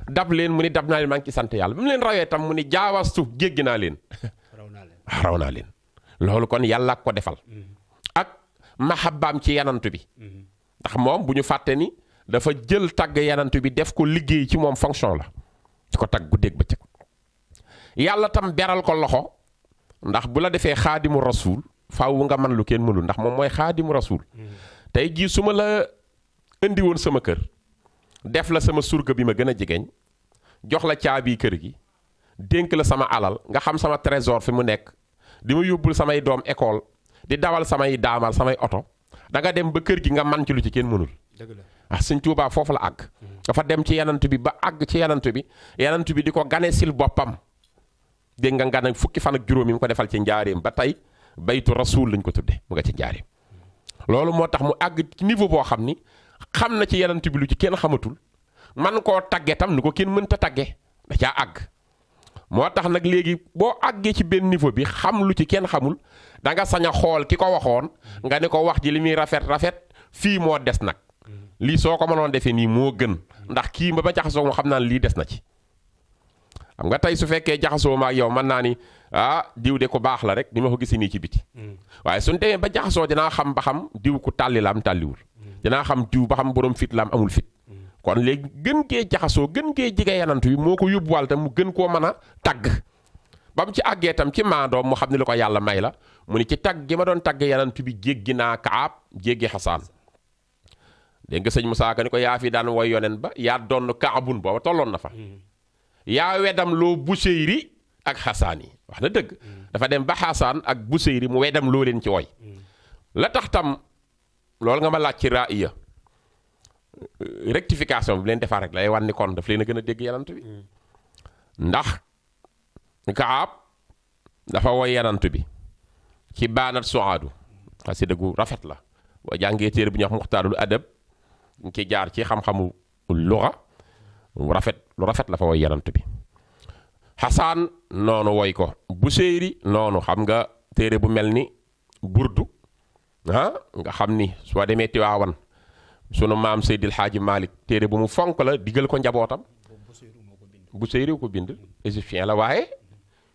dab leen mu ni dab naa leen maa sant yàlla ba mu leen rawee tam mu ni jaawastu jéggi naa leen ah, raw naa leen loolu kon yàlla ko defal mm-hmm. ak mahabbaam ci yenantu bi mm-hmm. ndax moom bu ñu fàtte ni dafa jël tagg yanantu bi def ko liggéey ci moom fonction la ci ko tagg ba bëccëg yàlla tam beral ko loxo ndax bu la defee xaadimu rasuul faaw nga man lu kenn mënul ndax moom mooy xaadimu rasuul mm-hmm. tey jii su ma la indi sama kër def la sama surga bi ma gën a jegeñ jox la caabi kër gi dénk la sama alal nga xam sama trésor fi mu nekk di ma yóbbul samay doom école di dawal samay daamal samay oto da nga dem ba kër gi nga man ci lu ci kenn mënul. dëgg la ah sëñ Tuubaa foofu la àgg. Mm-hmm. dafa dem ci yanant bi ba àgg ci yanant bi yanant bi di ko gane sil boppam dégg nga nga nag fukki fan ak juróom yi mu ko defal ci njaareem ba tey baytu rasul lañ ko tudde mu nga ci njaareem. Mm-hmm. loolu moo tax mu xam ni xam na ci yenant bi lu ci kenn xamatul man koo tagge tam ni ko kenn mënta tagge da caa àgg moo tax nag léegi boo àggee ci benn niveau bi xam lu ci kenn xamul da nga sañ a xool ki ko waxoon nga ne ko wax ji li muy rafet rafet fii moo des nag lii soo ko mënoon defee nii moo gën ndax kii ba ba jaxasoo ma xam naa ne lii des na ci xam nga tey su fekkee jaxasoo ma ak yow mën naa ni ah diw de ku baax la rek ni ma ko gisee nii ci biti mm. waaye suñ demee ba jaxasoo dinaa xam ba xam diw ku tàlli am tàlliwul dinaa xam diw ba xam borom fit laam amul fit kon léegi gën kee jaxasoo gën kee jege yanant bi moo ko yóbbuwaal tam mu gën koo mën a tagg ba mu ci àggee tam ci maandoom mu xam ne lu ko yàlla may la mu ni ci tagg gi ma doon tagg yanant bi jéggi naa kaab jéggi xasaan dégg nga sëñ Moussa Ka ni ko yaa fi daan woy yonen ba yaa doon kaabun booba tolloon na fa yaa wedam loo buseyri ak xasaan yi wax na dëgg mm. dafa dem ba xasaan ak buseyri mu wedam loo leen ci woy mm. loolu nga ma laaj ci raaya rectification bi leen defar rek lay wan ni kon daf leen a gën a dégg yanant bi ndax kaab dafa woy yanant bi ci baanat suaadu xasida gu rafet la wa jàngee téere bu ñuy wax muxtaarul adab ci jaar ci xam-xamu luxa rafet lu rafet la fa woy yanant bi xasaan noonu woy ko bu séeri noonu xam nga téere bu mel ni burdu nga xam ni soo demee ti Tiwaawan sunu maam Seydil Xaaji Malick téere bu mu fonk la diggal ko njabootam bu Seyriw ko bind égyptien la waaye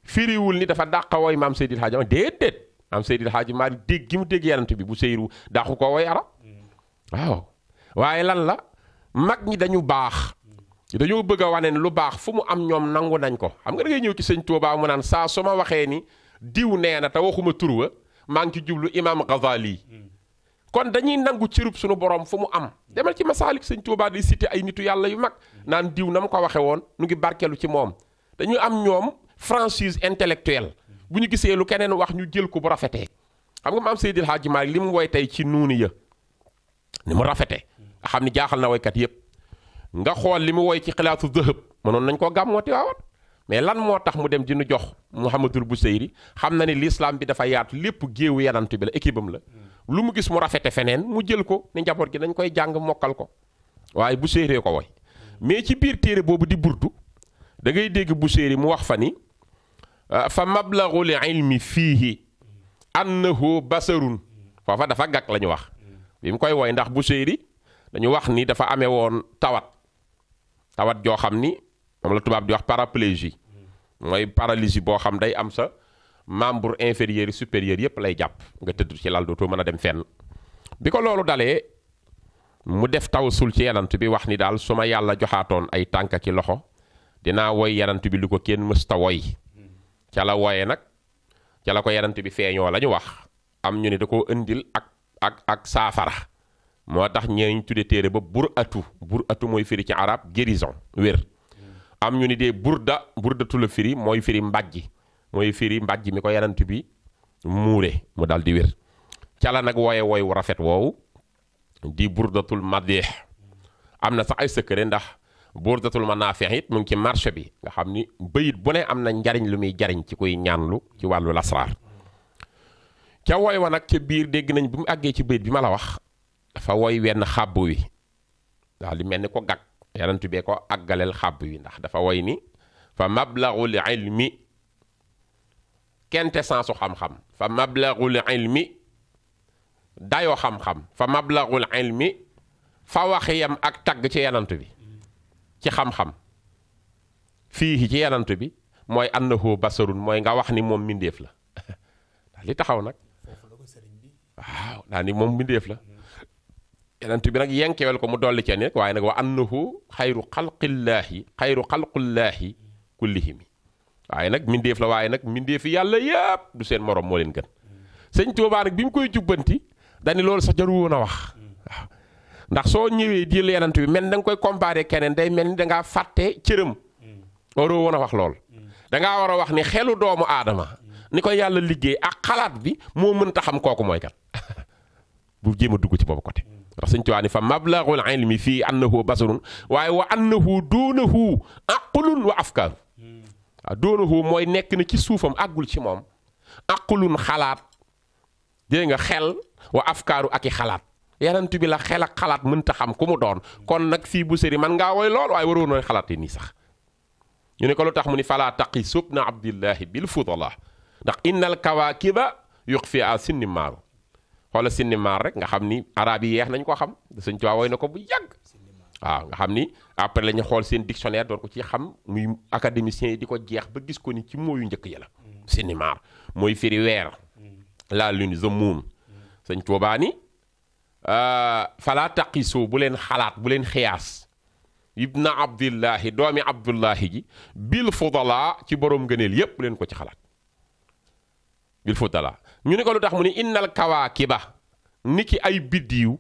firiwul ni dafa dàq woy maam Seydil Xaaji Malick déedéet maam Seydil Xaaji Malick dégg gi mu dégg yanant bi bu Seyriw dàqu ko woy arab waaw waaye lan la mag ñi dañu baax dañoo bëgg a wane lu baax fu mu am ñoom nangu nañ ko xam nga da ñëw ci sëñ Tuubaa mu naan saa su ma waxee ni diw nee na te waxuma tur maa ngi ci jublu imaam Ghazali kon dañuy nangu cërub sunu borom fu mu am demal ci masaalik sëñ Tuubaa di cité ay nitu yàlla yu mag naan diw na mu ko waxe woon nu ngi barkelu ci moom dañuy am ñoom franchise intellectuelle bu ñu gisee lu keneen wax ñu jël ko bu rafetee xam nga maam Seydil Hadji Malick li mu woy tey ci nuuni ya ni mu rafetee nga xam ni jaaxal na woykat yépp nga xool li mu woy ci xilaasu dëhëb mënoon nañ koo gàmmoo Tiwaawan mais lan moo tax mu dem di nu jox Mouhamadul Buseyri xam na ne lislaam bi dafa yaatu lépp géewu yanant bi la équipe am la lu mu gis mu rafete feneen mu jël ko ne njaboot gi dañ koy jàng mokkal ko waaye Buseyri ko woy mais ci biir téere boobu di burdu da ngay dégg Buseyri mu wax fa ni ah, fa mablagul ilmi fiihi annahu basarun foofa dafa gàkk la wax bi mu koy woy ndax Buseyri dañu wax ni dafa ame woon tawat tawat joo xam ni moom la tubaab di wax paraplégie mooy paralysie boo xam day am sa membre inférieur supérieur yëpp lay jàpp nga tëddu ci lal dootoo mën a dem fenn. bi ko loolu dalee mu def taw tawasul ci yanant bi wax ni daal su ma yàlla joxaatoon ay tànk ki loxo dinaa woy yanant bi lu ko kenn mësta woy ca la wooyee nag ca la ko yanant bi feeñoo lañu wax am ñu ne da koo indil ak ak ak saafara moo tax ñeeñ tudde téere ba bur atu bur atu mooy firi ci arab gérison wér am ñu ni dee burda burdatu la firi mooy firi mbàjji mooy firi mbàjji mi ko yanant bi muure mu daal di wér cala nag wooye wooy wu rafet woowu di burdatul madih am na sax ay sëkkëre ndax burdatul manafih it mu ngi ci marché bi nga xam ni bayit bu ne am na njariñ lu muy jariñ ci kuy ñaanlu ci wàllu lasraar ca wooy wa nag ca biir dégg nañ bi mu àggee ci bayit bi ma la wax dafa wooy wenn xàbb wi daal di mel ni ko gag yarantu bee ko àggaleel xàbb yi ndax dafa woy ni fa mablaghul ilmi kente sensu xam-xam fa mablaghul ilmi dayoo xam-xam fa mablaghul ilmi fa waxiyam ak tagg ci yanantu bi ci xam-xam fii ci yanantu bi mooy annahu basarun mooy nga wax ni moom mbindéef la li taxaw nag waaw daa ni moom mbindéef la yonent bi nag yenkewel ko mu dolli ca nekk waaye nag wa annahu xayru xalqillaahi xayru xalqullaahi kullihim waaye nag mindeef la waaye nag mindeefi yàlla yëpp du seen morom moo leen gën sëñ Tuubaa bi mu koy jubbanti dani loolu sax jaru woon a wax ndax soo ñëwee di yonent bi mel da nga koy comparé keneen day mel ni da ngaa fàtte cëram waroo woon a wax lool dangaa war a wax ni xelu doomu aadama ni koy yàlla liggéey ak xalaat bi moo mënta xam kooku mooy kat bu jéem a dugg ci boobu côté. ndax suñ tuwaa ni fa mablaghul ilmi fii annahu basarun waaye wa annahu doonahu aqlun wa afkaar waaw doonahu mooy nekk na ci suufam àggul ci moom aqlun xalaat dégg nga xel wa afkaaru ak i xalaat yarantu bi la xel ak xalaat mënta xam ku mu doon kon nag fii bu sëri man ngaa woy lool waaye waroon nooy xalaat nii sax ñu ne ko lu tax mu ni falaa taqi sub na abdillahi bil fudala ndax innal kawaakiba yuq fi a sinni maaru xoola sinnimaar rek nga xam ni arab yi yeex nañ ko xam sëñ Tuubaa woy na ko bu yàgg waaw nga xam ni après la ñu xool seen dictionnaire door ko ci xam muy académiciens yi di ko jeex ba gis ko ni ci mooyu njëkk yi la sinnimaar mooy firi weer la moom the moon sëñ Tuubaa ni euh, falaa taqisoo bu leen xalaat bu leen xiyaas ibna abdillahi doomi abdullahi ji bil fudala ci borom ngëneel yépp leen ko ci xalaat bil futala ñu ne ko lu tax mu ni innal ni niki ay biddiw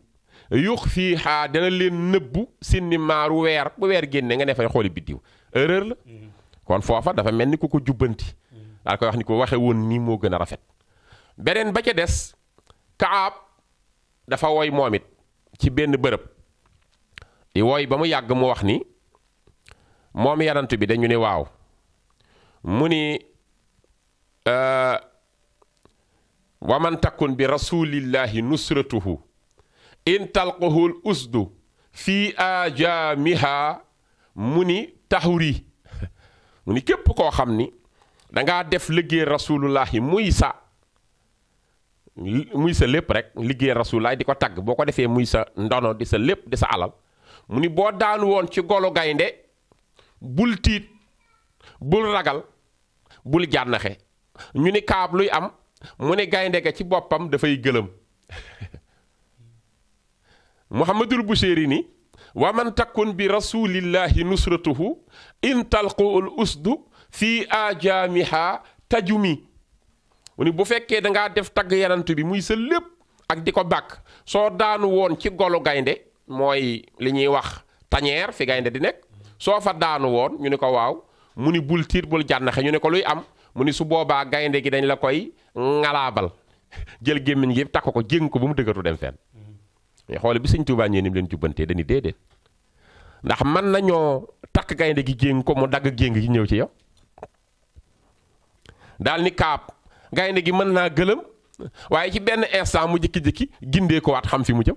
yux fii xaa dana leen nëbbu sinni maaru weer bu weer génne nga ne fay xooli biddiw erreur la kon foofa dafa mel ni ku ko jubbanti daal koy wax ni ko waxe woon nii moo gën a rafet beneen ba ca des kaab dafa woy moomit ci benn bërëb di woy ba mu yàgg mu wax ni moom yarantu bi dañu ni waaw mu ni euh, wa man takkoon bi rasulillahi nusratuhu in talqahul usdu fii ajaamiha mu ni taxuri mu ni képp koo xam ni danga def liggéey rasulullahi muy sa muy sa lépp rek liggéey rasulullahi di ko tagg boo ko defee muy sa ndono di sa lépp di sa alal mu ni boo daan woon ci golu gaynde bul tiit bul ragal bul jànnaxe ñu ni kaab luy am mu ne gaynde ga ci boppam dafay gëlëm muhammadul busheeri ni wa man takkun bi rasulillahi nusratuhu in talqul usdu fi ajaamiha tajumi mu ni bu fekkee dangaa def tagg yanant bi muy sël lépp ak di ko bàkk soo daanu woon ci golu gaynde mooy li ñuy wax tañeer fi gaynde di nekk soo fa daanu woon ñu ni ko waaw mu ni bul tiit bul jànnaxe ñu ne ko luy am mu ni su boobaa gaynde gi dañ la koy ngalaabal jël gémmiñ gi yëpp takk ko jéng ko ba mu dëggatu dem fenn mais xoole bi sëñ Tuubaa ñee ni mu leen jubbantee dañuy déedéet ndax man nañoo takk gaynde gi jéng ko mu dagg jéng gi ñëw ci yow daal ni kaab gaynde gi mën naa gëlëm waaye ci benn instant mu jëkki-jëkki gindee ko waat xam fi mu jëm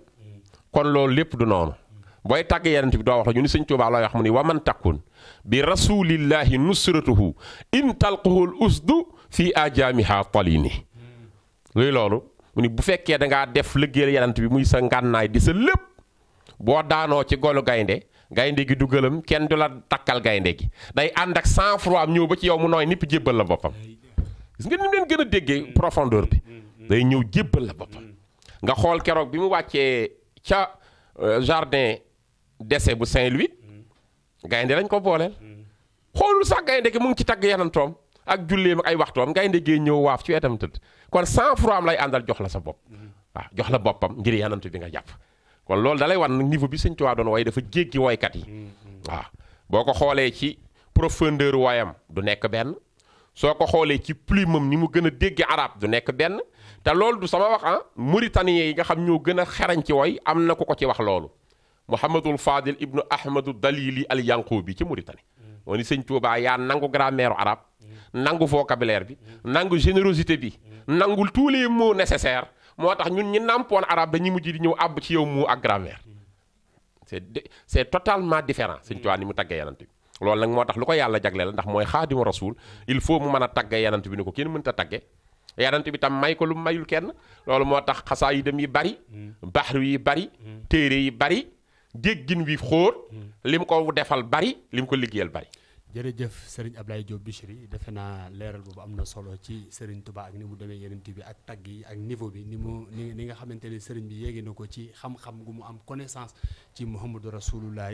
kon loolu lépp du noonu booy tàgg yenent bi doo wax la ñu ni sëñ Tuubaa looy wax mu ni waman takkun bi rasulillahi nusratuhu in talquhul usdu fii ajaamiha talini luy loolu mu ni bu fekkee da ngaa def liggéeyal yanant bi muy sa ngànnaay di sa lépp boo daanoo ci golu gaynde gaynde gi du gëlëm kenn du la takkal gaynde gi day ànd ak sang am ñëw ba ci yow mu nooy nipp jébbal la boppam gis nga gën a déggee profondeur day ñëw jébbal la nga xool keroog bi mu wàccee ca euh, jardin d'essai bu Saint-Louis gaynde lañ ko booleel xoolul sax gaynde gi mu ngi ci tagg yanantoom ak julleem ak ay waxtoom ngay ndéggee ñëw waaf ci wetam tëdd kon 100 francs am lay àndal jox la sa bopp waaw jox la boppam ngir yanant bi nga jàpp kon loolu dalay wan niveau bi Sëñ waa doon wooye dafa jéggi woykat yi waa boo ko xoolee ci profondeur woyam du nekk benn soo ko xoolee ci plume am ni mu gën a dégg araab du nekk benn te loolu du sama wax ah mauritanien yi nga xam ñoo gën a xarañ ci woy am na ku ko ci wax loolu Mouhamadul Fadil ibnu Ahmadu Dalili al Yanqoobi ci Mauritanie woni sëñ Touba yaa nangu grammaire arabe nangu vocabulaire bi nangu générosité bi nangul tous les mots nécessaires moo tax ñun ñi nampoon arabe dañuy mujj di ñëw àbb ci yow mu ak grammaire c'est c'est totalement différent sëñ Touba ni mu taggee yanant bi loolu nag moo tax lu ko yàlla jagleel ndax mooy xaadimu rasul il faut mu mën a tagge yanant bi ni ko kenn mënta tagge yanant bi tam may ko lu mayul kenn loolu moo tax xasaa yi dem yi bari mm. baxru yi bari téere yi bari déggin wi xóor li mu ko defal bari li mu ko liggéeyal bari jërëjëf ab Ablaye Diop Bichri defe naa leeral boobu am na solo ci Serigne Touba ak ni mu demee yenent bi ak tagg yi ak niveau bi ni mu ni ni nga xamante ne Serigne bi yéegi na ko ci xam-xam gu mu am connaissance ci Mouhamadou Rasulullah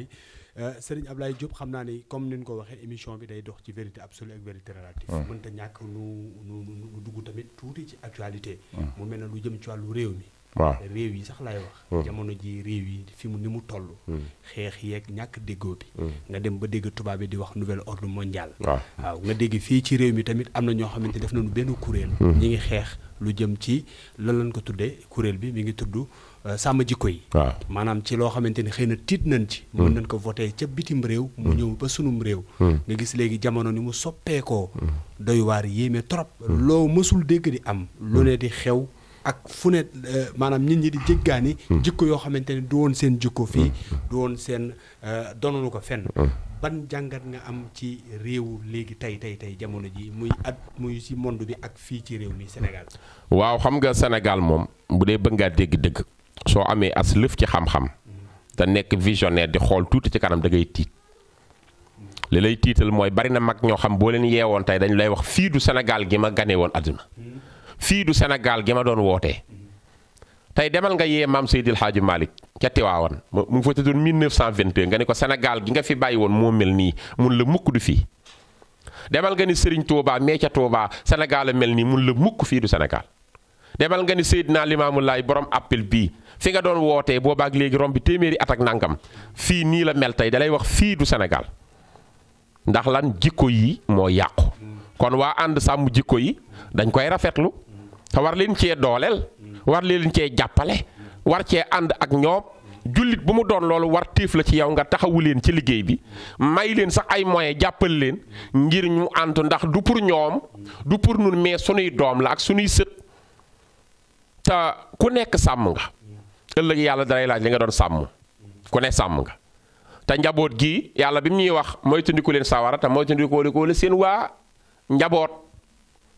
euh, Serigne lay Diop xam naa ni comme ni ñu ko waxee émission bi day dox ci vérité absolue ak vérité relative mënta ñàkk nu nu nu dugg tamit tuuti ci actualité mu mel ne lu jëm ci wàllu réew mi waaw réew yi sax laay wax. Hmm. jamono ji réew yi fi mu ni mu toll. Hmm. xeex yeeg ñàkk déggo bi. Hmm. nga dem ba dégg tubaab bi di wax nouvel ordre mondial. waaw nga dégg fii ci réew mi tamit am na ñoo xamante def nañu benn kuréel. ñi ngi xeex lu jëm ci lan lañ ko tuddee kuréel bi mi ngi tudd. Euh, sàmm jikko yi. waaw maanaam ci loo xamante ni xëy na tiit nañ ci. mën nañ ko voté ca bitim réew. mu ñëw ba sunum réew. nga gis léegi jamono ni mu soppeekoo. doy waar yéeme trop. loo mësul dégg di am. lu ne di xew. ak fu euh, maanaam nit ñi di jéggaani hmm. jikko yoo xamante ne du woon seen jikko hmm. fii hmm. du woon seen euh, dononu ko fenn ban jàngat nga am ci réew léegi tey tey tey jamono ji muy at muy si monde bi ak fii ci réew mi Sénégal waaw xam nga Sénégal moom bu dee bëgg ngaa dégg dëgg soo amee as lëf ci xam-xam te nekk visionnaire di xool tuuti ci kanam da ngay tiit li lay tiital mooy bari na mag ñoo xam boo leen yeewoon tey dañu lay wax fii du Sénégal gi ma gane woon àdduna fii du Sénégal gi ma doon wootee tey demal nga yee maam Seydil Hadji Malick ca Tiwaawan mu ngi fa tëddoon 1922 nga ni ko Sénégal gi nga fi bàyyi woon moo mel nii mun la mukk du fii demal nga ni sëriñ Touba mee ca Touba Sénégal a mel nii mun la mukk fii du Sénégal demal nga ni Seydina Limaamu Laay borom appel bii fi nga doon wootee boobaak léegi romb bi téeméeri at ak nangam fii nii la mel tey dalay wax fii du Sénégal ndax lan jikko yi moo yàqu kon waa yi dañ koy rafetlu. te war leen cee dooleel war leen cee jàppale war cee ànd ak ñoom jullit bu mu doon loolu war téef la ci yow nga taxawu leen ci liggéey bi may leen sax ay moyens jàppal leen ngir ñu ànd ndax du pour ñoom du pour nun mais sunuy doom la ak sunuy sët te ku nekk sàmm nga ëllëg yàlla dalay laaj li nga doon sàmm ku ne sàmm nga te njaboot gi yàlla bi mu ñuy wax moytandiku leen sawara te moytandiku leen seen waa njaboot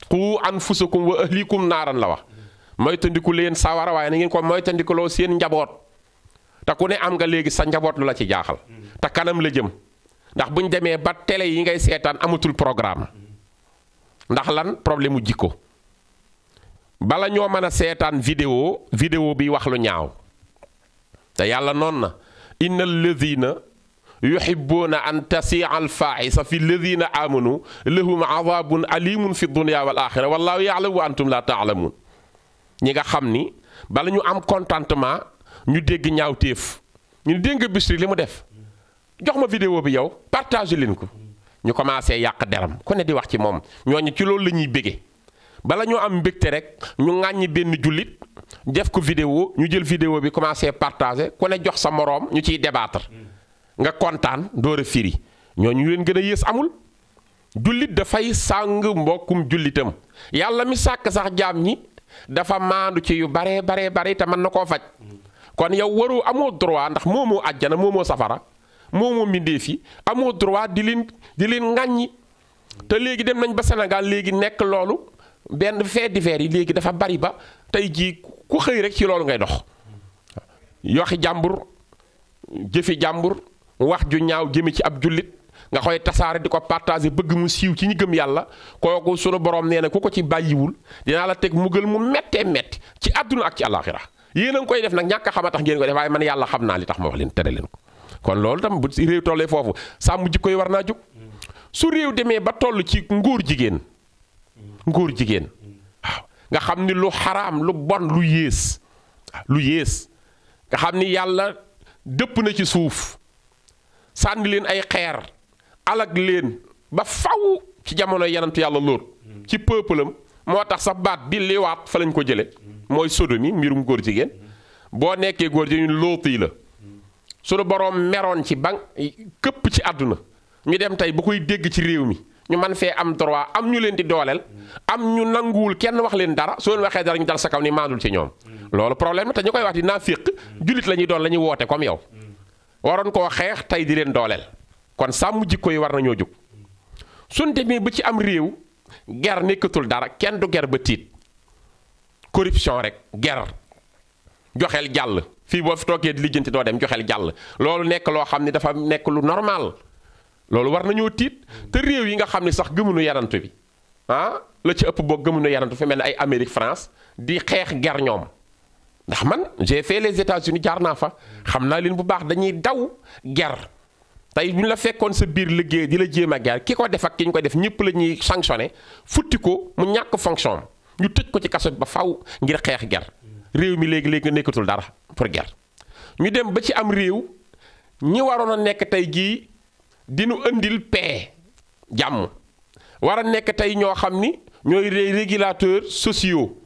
qu anfusakum wa ahlikum naaran la wa moytandiku leen sawara waaye na ngeen ko moytandikuloo seen njaboot te ku ne am nga léegi sa njaboot lu la ci jaaxal te kanam la jëm ndax bu ñu demee ba tele yi ngay seetaan amatul programme ndax lan problème mu jikko bala ñoo mën a seetaan vidéo vidéo bi wax lu ñaaw te yàlla noon na innal na yuhibbuuna an tasia alfaaxisa fi lladina aamanu lahum adabun alimun fi dunia wal axira wallahu yaalam wa antum la taalamuun ñi nga xam ni bala ñu am kontantement ñu dégg ñaawteef ñu dégg nga Bichri li mu def jox ma vidéo bi yow partagé leen ko ñu commencé yàq deram ku ne di wax ci moom ñooñu ci loolu la ñuy bége bala ñoo am mbégte rek ñu ŋàññi benn jullit def ko vidéo ñu jël vidéo bi commencé partagé ku ne jox sa moroom ñu ciy débattre nga kontaan door a ñoo ñu leen gën a yées amul jullit dafay sang mbokkum jullitam yàlla mi sàkk sax jaam ñi dafa maandu ci yu baree baree bare te mën na koo faj kon yow waroo amoo droit ndax moomoo àjjana moomoo safara moomoo mbindeef yi amoo droit di leen di leen ŋàññi te léegi dem nañ ba senegal léegi nekk loolu benn fait divers yi léegi dafa bari ba tey jii ku xëy rek ci loolu ngay dox yoxi jàmbur jëfi jàmbur wax ju ñaaw jëme ci ab jullit nga koy tasaare di ko partager bëgg mu siiw ci ñi gëm yàlla kooku sunu borom nee na ku ko ci bàyyiwul dinaa la teg mu mbugal mu méttee métti ci àdduna ak ci àllaaxira yéen a koy def nag ñàkk a xam a tax ngeen ko def man yàlla xam naa li tax ma wax leen tere leen ko kon loolu tam bu réew tollee foofu sàmm jikko koy war naa jóg su réew demee ba toll ci ngóor jigéen ngóor jigéen nga xam ni lu xaraam lu bon lu yées lu yées nga xam ni yàlla dëpp na ci suuf. sànni leen ay xeer alag leen ba faw ci jamono yanantu yàlla lóor ci peuple am moo tax sa baat bi liwaat fa lañ ko jële mooy sodomi mbirum góor jigéen boo nekkee góor jigéen lóot yi la sunu boroom meroon ci ban këpp ci àdduna ñu dem tey bu koy dégg ci réew mi ñu man fee am droit am ñu leen di dooleel am ñu nanguwul kenn wax leen dara soo leen waxee dara ñu dal sa kaw ni maandul ci ñoom loolu problème la te ñu koy wax di naa jullit la ñuy doon la ñuy woote comme yow waroon koo xeex tey di leen dooleel kon sàmm jikko yi war nañoo jóg suñ demee ba ci am réew ger nekkatul dara kenn du ger ba tiit corruption rek ger joxeel jàll fii boo fi toogee di lijjanti doo dem joxeel jàll loolu nekk loo xam ne dafa nekk lu normal loolu war nañoo tiit te réew yi nga xam ne sax gëmuñu yarantu bi ah, la ci ëpp boo gëmuñu yarantu fi mel ne ay Amérique France di xeex ger ñoom ndax man j'ai fait les États-Unis jaar naa fa xam naa leen bu baax dañuy daw guerre tey bu ñu la fekkoon sa biir liggéey di la jéem a guerre ki ko def ak ki ñu ko def ñëpp la ñuy sanctionné futti ko mu ñàkk fonction ñu tëj ko ci kaso ba faw ngir xeex guerre réew mi léegi léegi nga nekkatul dara pour guerre ñu dem ba ci am réew ñi waroon a nekk tey jii dinu nu indil paix jàmm war a nekk tey ñoo xam ni ñooy les régulateurs socio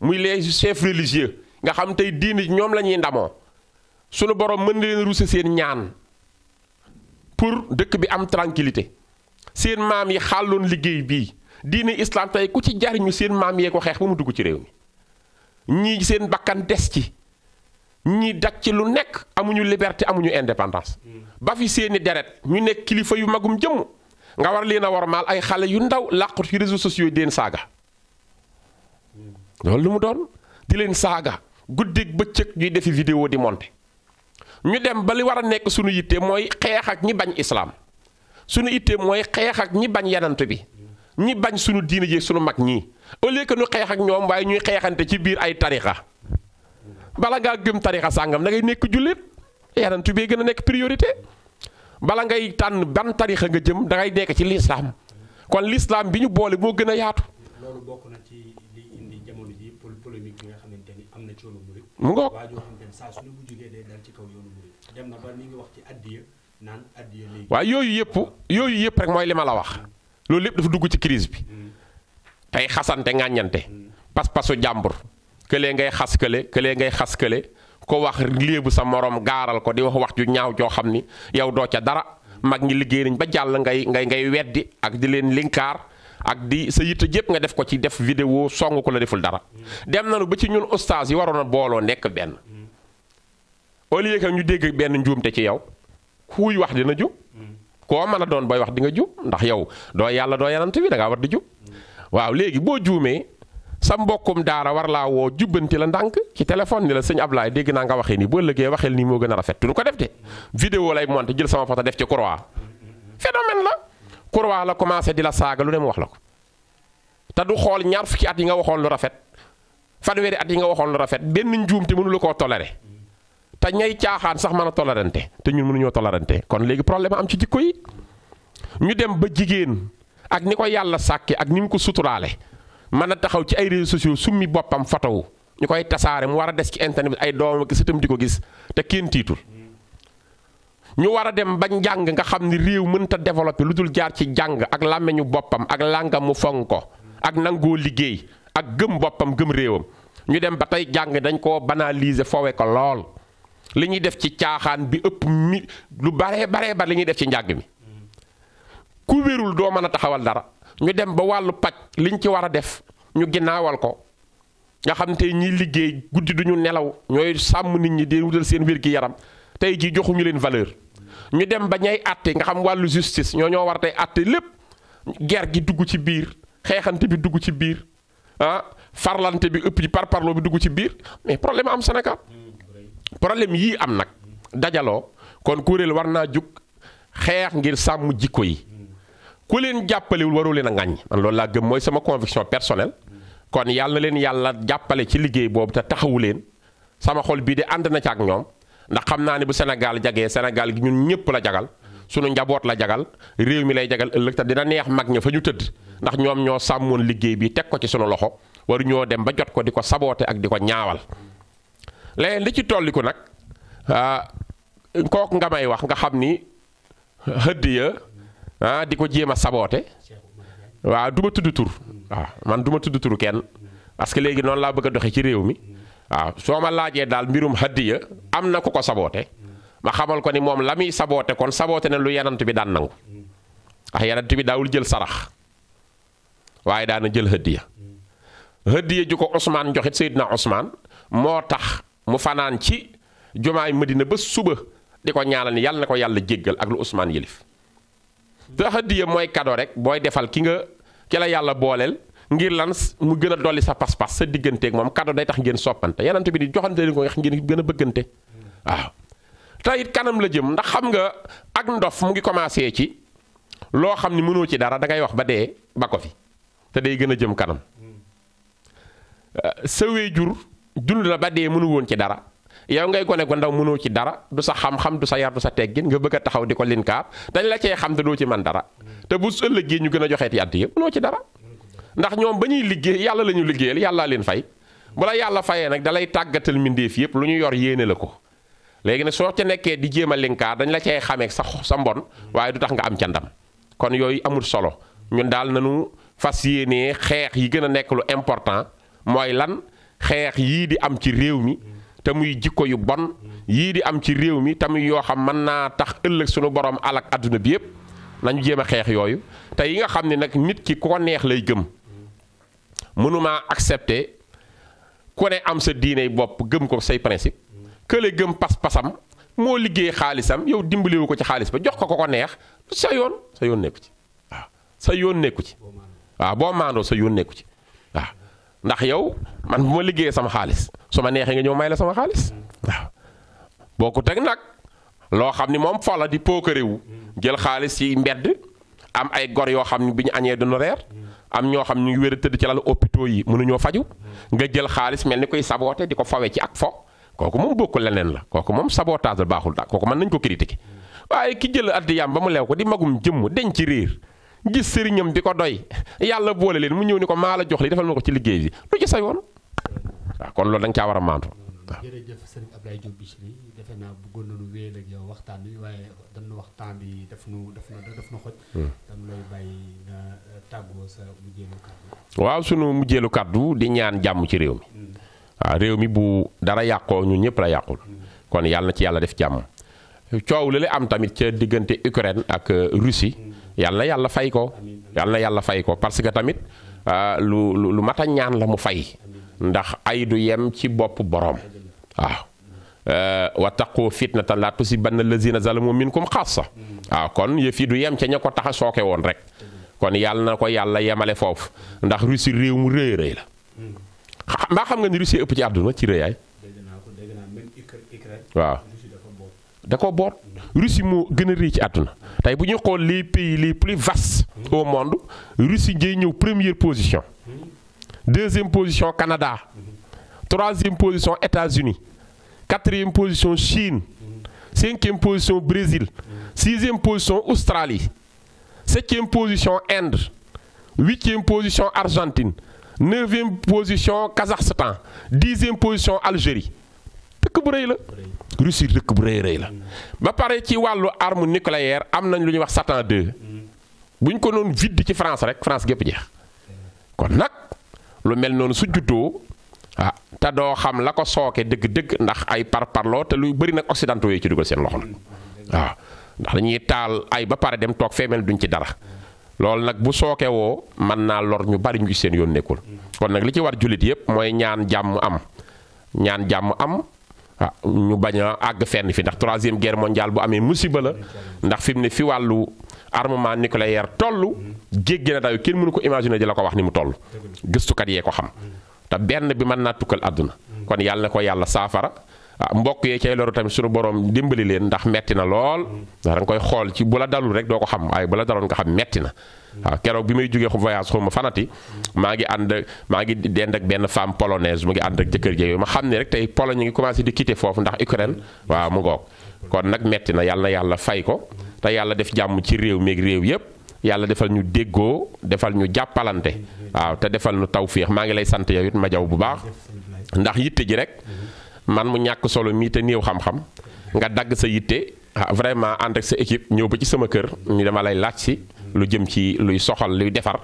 muy les chefs religieux. nga xam tey diini ñoom lañuy ñuy ndamoo sunu borom mën na leen ruuse seen ñaan pour dëkk bi am tranquillité seen maam yi xàlloon liggéey bii diini islam tey ku ci jariñu seen maam yee ko xeex ba mu dugg ci réew mi ñii seen bakkan des ci ñii daj ci lu nekk amuñu liberte amuñu indépendance mm. ba fi seeni deret ñu nekk kilifa yu magum jëmm nga war leen a war wormaal ay xale yu ndaw làqut ci réseaux sociaux yi saaga mm. loolu lu mu doon di leen saaga guddig bëccëg ñuy defi vidéo di monter ñu dem ba li war a nekk suñu yitte mooy xeex ak ñi bañ islaam suñu yitte mooy xeex ak ñi bañ yanant bi ñi bañ suñu diine ji suñu mag ñii au lieu que ñu xeex ak ñoom waaye ñuy xeexante ci biir ay tarixa bala ngaa gëm tarixa sàngam da ngay nekk jullit yanant bee gën a nekk priorité bala ngay tànn ban tarixa nga jëm da ngay nekk ci lislaam kon lislaam bi ñu boole boo gën a yaatu mu ngoog waaw yooyu yëpp yooyu yëpp rek mooy li ma la wax loolu lépp dafa dugg ci crise bi mm. tey xasante ŋàññante mm. pas-pasu jàmbur këlee ngay xas kële këlee ngay xas kële ko wax léebu sa morom gaaral ko di wax wax ju ñaaw joo xam ni yow doo ca dara mag ngi liggéey nañ ba jàll ngay ngay ngay weddi ak di leen linkaar ak di sa yitte jëpp nga def ko ci def vidéo song ko la deful dara dem nañu ba ci ñun ustaas yi waroon a booloo nekk benn au lieu ñu dégg benn njuumte ci yow kuy wax dina jub koo mën a doon booy wax di nga jub ndax yow doo yàlla doo yanant wi da ngaa war di jub waaw léegi boo juumee sa mbokkum daara war laa woo jubbanti la ndànk ci téléphone ni la sëñ Ablaye dégg naa nga waxee nii boo ëllëgee waxeel nii moo gën a rafet du ko def de vidéo lay monté jël sama photo def ci croix kurwaa la commencé di la saaga lu ne mu wax la ko te du xool ñaar fukki at yi nga waxoon lu rafet fanweeri at yi nga waxoon lu rafet benn njuumte mënu la koo tollare te ñay caaxaan sax mën a tolérante te ñun mënuñoo tolérante kon léegi problème am ci jikko yi ñu dem ba jigéen ak ni ko yàlla sàkke ak ni mu ko suturaale mën a taxaw ci ay réseaux sociaux summi boppam fotowu ñu koy tasaare mu war a des ci internet ay doomam ak sëtam di ko gis te kenn tiitul. ñu war a dem ba njàng nga xam ni réew mënta développé lu dul jaar ci jàng ak làmmeñu boppam ak làngam mu fonk ko ak nangoo liggéey ak gëm boppam gëm réewam ñu dem ba tey jàng dañ koo banaliser foowe ko lool li ñuy def ci caaxaan bi ëpp mi lu bare bare ba li ñuy def ci njàng mi ku wérul doo mën a taxawal dara ñu dem ba wàllu paj liñ ci war a def ñu ginnaawal ko nga xam te ñiy liggéey guddi duñu nelaw ñooy sàmm nit ñi di wutal seen wér-gi-yaram tey jii joxuñu leen valeur ñu dem ba ñay àtte nga xam wàllu justice ñoo ñoo war tey àtte lépp ger gi dugg ci biir xeexante bi dugg ci biir ah farlante bi ëpp ji par parlo bi dugg ci biir mais problème am Sénégal problème yii am nag dajaloo kon kuréel war naa jug xeex ngir sàmm jikko yi ku leen jàppalewul waru leen a ŋàññ man loolu laa gëm mooy sama conviction personnel kon yàlla leen yàlla jàppale ci liggéey boobu te taxawu leen sama xol bii de ànd na ci ndax xam naa ne bu Sénégal jagee Sénégal gi ñun ñëpp la jagal sunu njaboot la jagal réew mi lay jagal ëllëg te dina neex mag ña fa ñu tëdd ndax ñoom ñoo sàmmoon liggéey bi teg ko ci sunu loxo waru ñoo dem ba jot ko di ko saboote ak di ko ñaawal. léegi li ci tolliku nag ah, kooku nga may wax nga xam ni hëddiya ah di ko jéem a saboote waaw du ma tudd tur waaw man du ma tudd tur kenn parce que léegi noonu laa bëgg a doxee ci réew mi. waaw soo ma laajee daal mbirum hadiya am na ku ko saboote ma xamal ko ni moom la muy saboote kon saboote na lu yanant bi daan nangu ndax yanant bi daawul jël sarax waaye daana jël hadiya hadiya ju ko Ousmane joxit Seydina Ousmane moo tax mu fanaan ci jumaay Madina ba suba di ko ñaanal ni yàlla na ko yàlla jéggal ak lu Ousmane yëlif te hadiya mooy kado rek booy defal ki nga ki yàlla booleel ngir lan mu gën a dolli sa pas-pas sa digganteeg moom kàddu day tax ngeen soppante yenante bi di joxante leen ko nga ngeen gën a bëggante waaw te it kanam la jëm ndax xam nga ak ndox mu ngi commencé ci loo xam ni mënoo ci dara da ngay wax ba dee ba fi day gën a jëm kanam euh, sa waajur dund na ba dee mënu ci dara yow ngay gone ko ndaw mënoo ci dara du sa xam-xam du sa yar du sa teggin nga bëgg a taxaw di ko linkaar dañ la cee xam te doo ci man dara te bu ëllëgee ñu gën a joxeeti àddiya mënoo ci dara ndax ñoom ba ñuy liggéey yàlla la ñu liggéeyal yàllaa leen fay bu la yàlla fayee nag dalay tàggatal mbindeef yépp lu ñu yor yéene la ko léegi nag soo ca nekkee di jéem a linkaar dañ la cay xamee sa sa mbon waaye du tax nga am ca ndam kon yooyu amul solo ñun daal nañu fas yéenee xeex yi gën a nekk lu important mooy lan xeex yii di am ci réew mi te muy jikko yu bon yii di am ci réew mi te muy yoo xam mën naa tax ëllëg suñu borom alak adduna bi yépp nañu jéem a xeex yooyu te yi nga xam ne nag nit ki ku neex lay gëm mënumaa accepter ku ne am sa diiney bopp gëm ko say principe kële gëm pas-pasam moo liggéey xaalisam yow dimbaliwu ko ci xaalis ba jox ko ko ko neex sa yoon sa yoon nekku ci waaw sa yoon nekku ci waaw boo maandoo sa yoon nekku ci waaw ndax yow man bu ma liggéeyee sama xaalis su ma neexee nga ñëw may la sama xaalis waaw boo ko teg nag loo xam ni moom fola di pookariwu jël xaalis ci mbedd am ay gor yoo xam ne bi ñu añee dunu reer am ñoo xam ñu ngi wér a tëdd ci lalu hôpitaux yi mënuñoo faju mm. nga jël xaalis mel ni koy saboote di ko fawe ci ak fo kooku moom bokkul leneen la kooku moom sabotage la baaxul daal kooku mën nañ ko critiquer mm. waaye ki jël addiyaam ba mu leew ko di magum jëmm denc ci réer gis sëriñam di ko doy yàlla boole leen mu ñëw ni ko maa la jox li defal ma ko ci liggéey bi lu ci sa yoon waaw kon loolu dañ nga caa war a maandu waaw jërëjëf sëriñ Abdoulaye Diop Bichri defe naa waxtaan bi waaye dañu waxtaan bi daf nu daf nu hmm. daf euh, kàddu. di ñaan jàmm ci réew mi. Hmm. waaw réew mi bu dara yàqoo ñun ñëpp la yàqul. Hmm. kon yàlla ci yàlla def jàmm. coow li am tamit ca diggante Ukraine ak euh, Russie. yàlla yàlla fay ko. yàlla na yàlla fay ko parce que tamit euh, lu lu mat ñaan la mu fay. ndax ay du yem ci bopp boroom waaw euh, wattaqu fitnatan la tusibanna lazina zalamu minkum xaassa waaw kon yëf yi du yem ca ña ko tax a sooke woon rek kon yàlla na ko yàlla yemale foofu ndax Russie réew mu rëy rëy la mbaa xam nga ni Russie ëpp ci àdduna ci rëyaay waaw da ko boot Russie moo gën a rëy ci àdduna tey bu ñu xool les pays les plus vastes au monde Russie njëy ñëw première position deuxième position Canada troisième position États-Unis quatrième position Chine cinquième position Brésil sixième position Australie septième position Inde huitième position Argentine neuvième position Kazakhstan dixième position Algérie dëkk bu rëy la. Russie dëkk bu rëy rëy la. ba pare ci wàllu arme nucléaire am nañ lu ñuy wax Satan 2 bu ñu ko noonu vidde ci France rek France gépp jeex lu mel noonu su juddoo ah te doo xam la ko sooke dëgg-dëgg ndax ay par parparloo te lu bëri nag occidentaux yooyu ci dugal seen loxo waaw ndax dañuy taal ay ba pare dem toog feemel duñ ci dara loolu nag bu sooke woo mën naa lor ñu bari ñu seen yoon nekkul kon nag li ci war jullit yépp mooy ñaan jàmm am ñaan jàmm am ah ñu bañ a àgg fenn fi ndax troisième guerre mondiale bu amee musiba la ndax fi ne fi wàllu armement nucléaire toll jéggi na dayo kenn mënu ko imaginer di la ko wax ni mu toll gëstukat yee ko xam te benn bi mën naa tukkal àdduna kon yàlla na ko yàlla saafara ah, mbokk yee cay loru tamit suñu borom dimbali leen ndax metti na lool ndax danga koy xool ci bu la dalul rek doo ko xam waaye bu la daloon nga xam metti na waaw ah, keroog bi may jógee xu voyage xaw ma fanati maa ngi ànd maa ngi dend ak benn femme polonaise mu ngi ànd ak jëkkër ja yooyu ma xam ne rek tey Pologne ñu ngi commencé di quitter foofu ndax Ukraine waaw mu ngoog kon nag metti na yàlla yàlla fay ko te yàlla def jàmm ci réew meeg réew yëpp yàlla defal ñu déggoo defal ñu jàppalante waaw te defal ñu tawféex maa ngi lay sant yow it ma jaw bu baax ndax yitte ji rek man mu ñàkk solo mii te néew xam-xam nga dagg sa yitte ah, vraiment ànd ak sa équipe ñëw ba ci sama kër ñu dama lay laaj si lu jëm ci luy soxal luy defar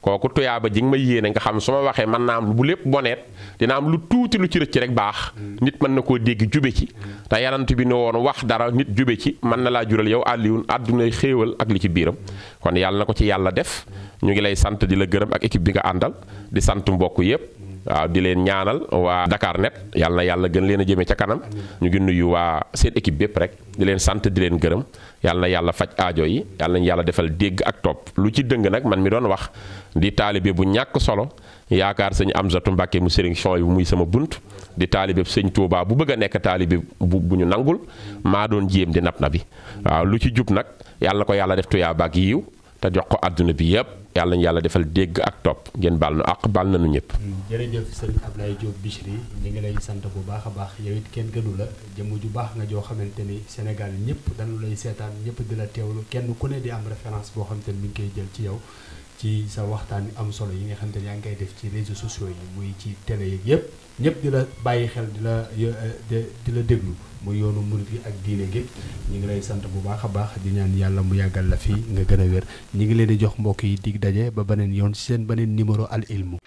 kooku tuyaaba ji nga ma yéene nga xam su ma waxee man naa am bu lépp boneet dina am lu tuuti lu ci rëcc rek baax mm. nit mën na koo dégg jube ci mm. te yanant bi ne woon wax dara nit jube ci man na laa jural yow àlliwun àdduna xéewal ak li ci biiram kon yàlla na ko ci yàlla def ñu ngi lay sant di la gërëm ak équipe bi nga àndal di sant mbokk yépp waaw di leen ñaanal waa Dakar Net yàlla yàlla gën leen a jëmee ca kanam ñu ngi nuyu waa seen équipe bépp rek di leen sant di leen gërëm yàlla yàlla faj aajo yi yàlla nañu yàlla defal dégg ak topp lu ci dëng nag man mi doon wax di taalibe bu ñàkk solo yaakaar am Amsatu Mbàkke mu sëriñ chon yi muy sama bunt di taalibe sëñ Tuubaa bu bëgg a nekk taalibe bu bu ñu nangul maa doon jéem di nab na bi waaw lu ci jub nag yàlla ko yàlla def tuyaaba ak yiw te jox ko àdduna bi yëpp yàlla ñu yàlla defal dégg ak topp ngeen baal nu àq baal nañu ñëpp. jërëjëf sëñ Ablaye Diop Bichri ñu ngi lay sant bu baax a baax yow it kenn gënu la jëmm ju baax nga joo xamante ni Sénégal ñëpp dañu lay seetaan ñëpp di la teewlu kenn ku ne di am référence boo xamante ni mi ngi koy jël ci yow. ci sa waxtaan yu am solo yi nga xam te yaa ngi koy def ci réseaux sociaux yi muy ci télé yeeg yëpp ñëpp di la bàyyi xel di la eh, di la déglu muy yoonu murit yi ak diine gi ñu ngi lay sant bu baax a baax di ñaan yàlla mu yàggal la fii nga gën a wér ñu ngi leen di jox mbokk yi dig daje ba beneen yoon ci seen beneen numéro al ilmu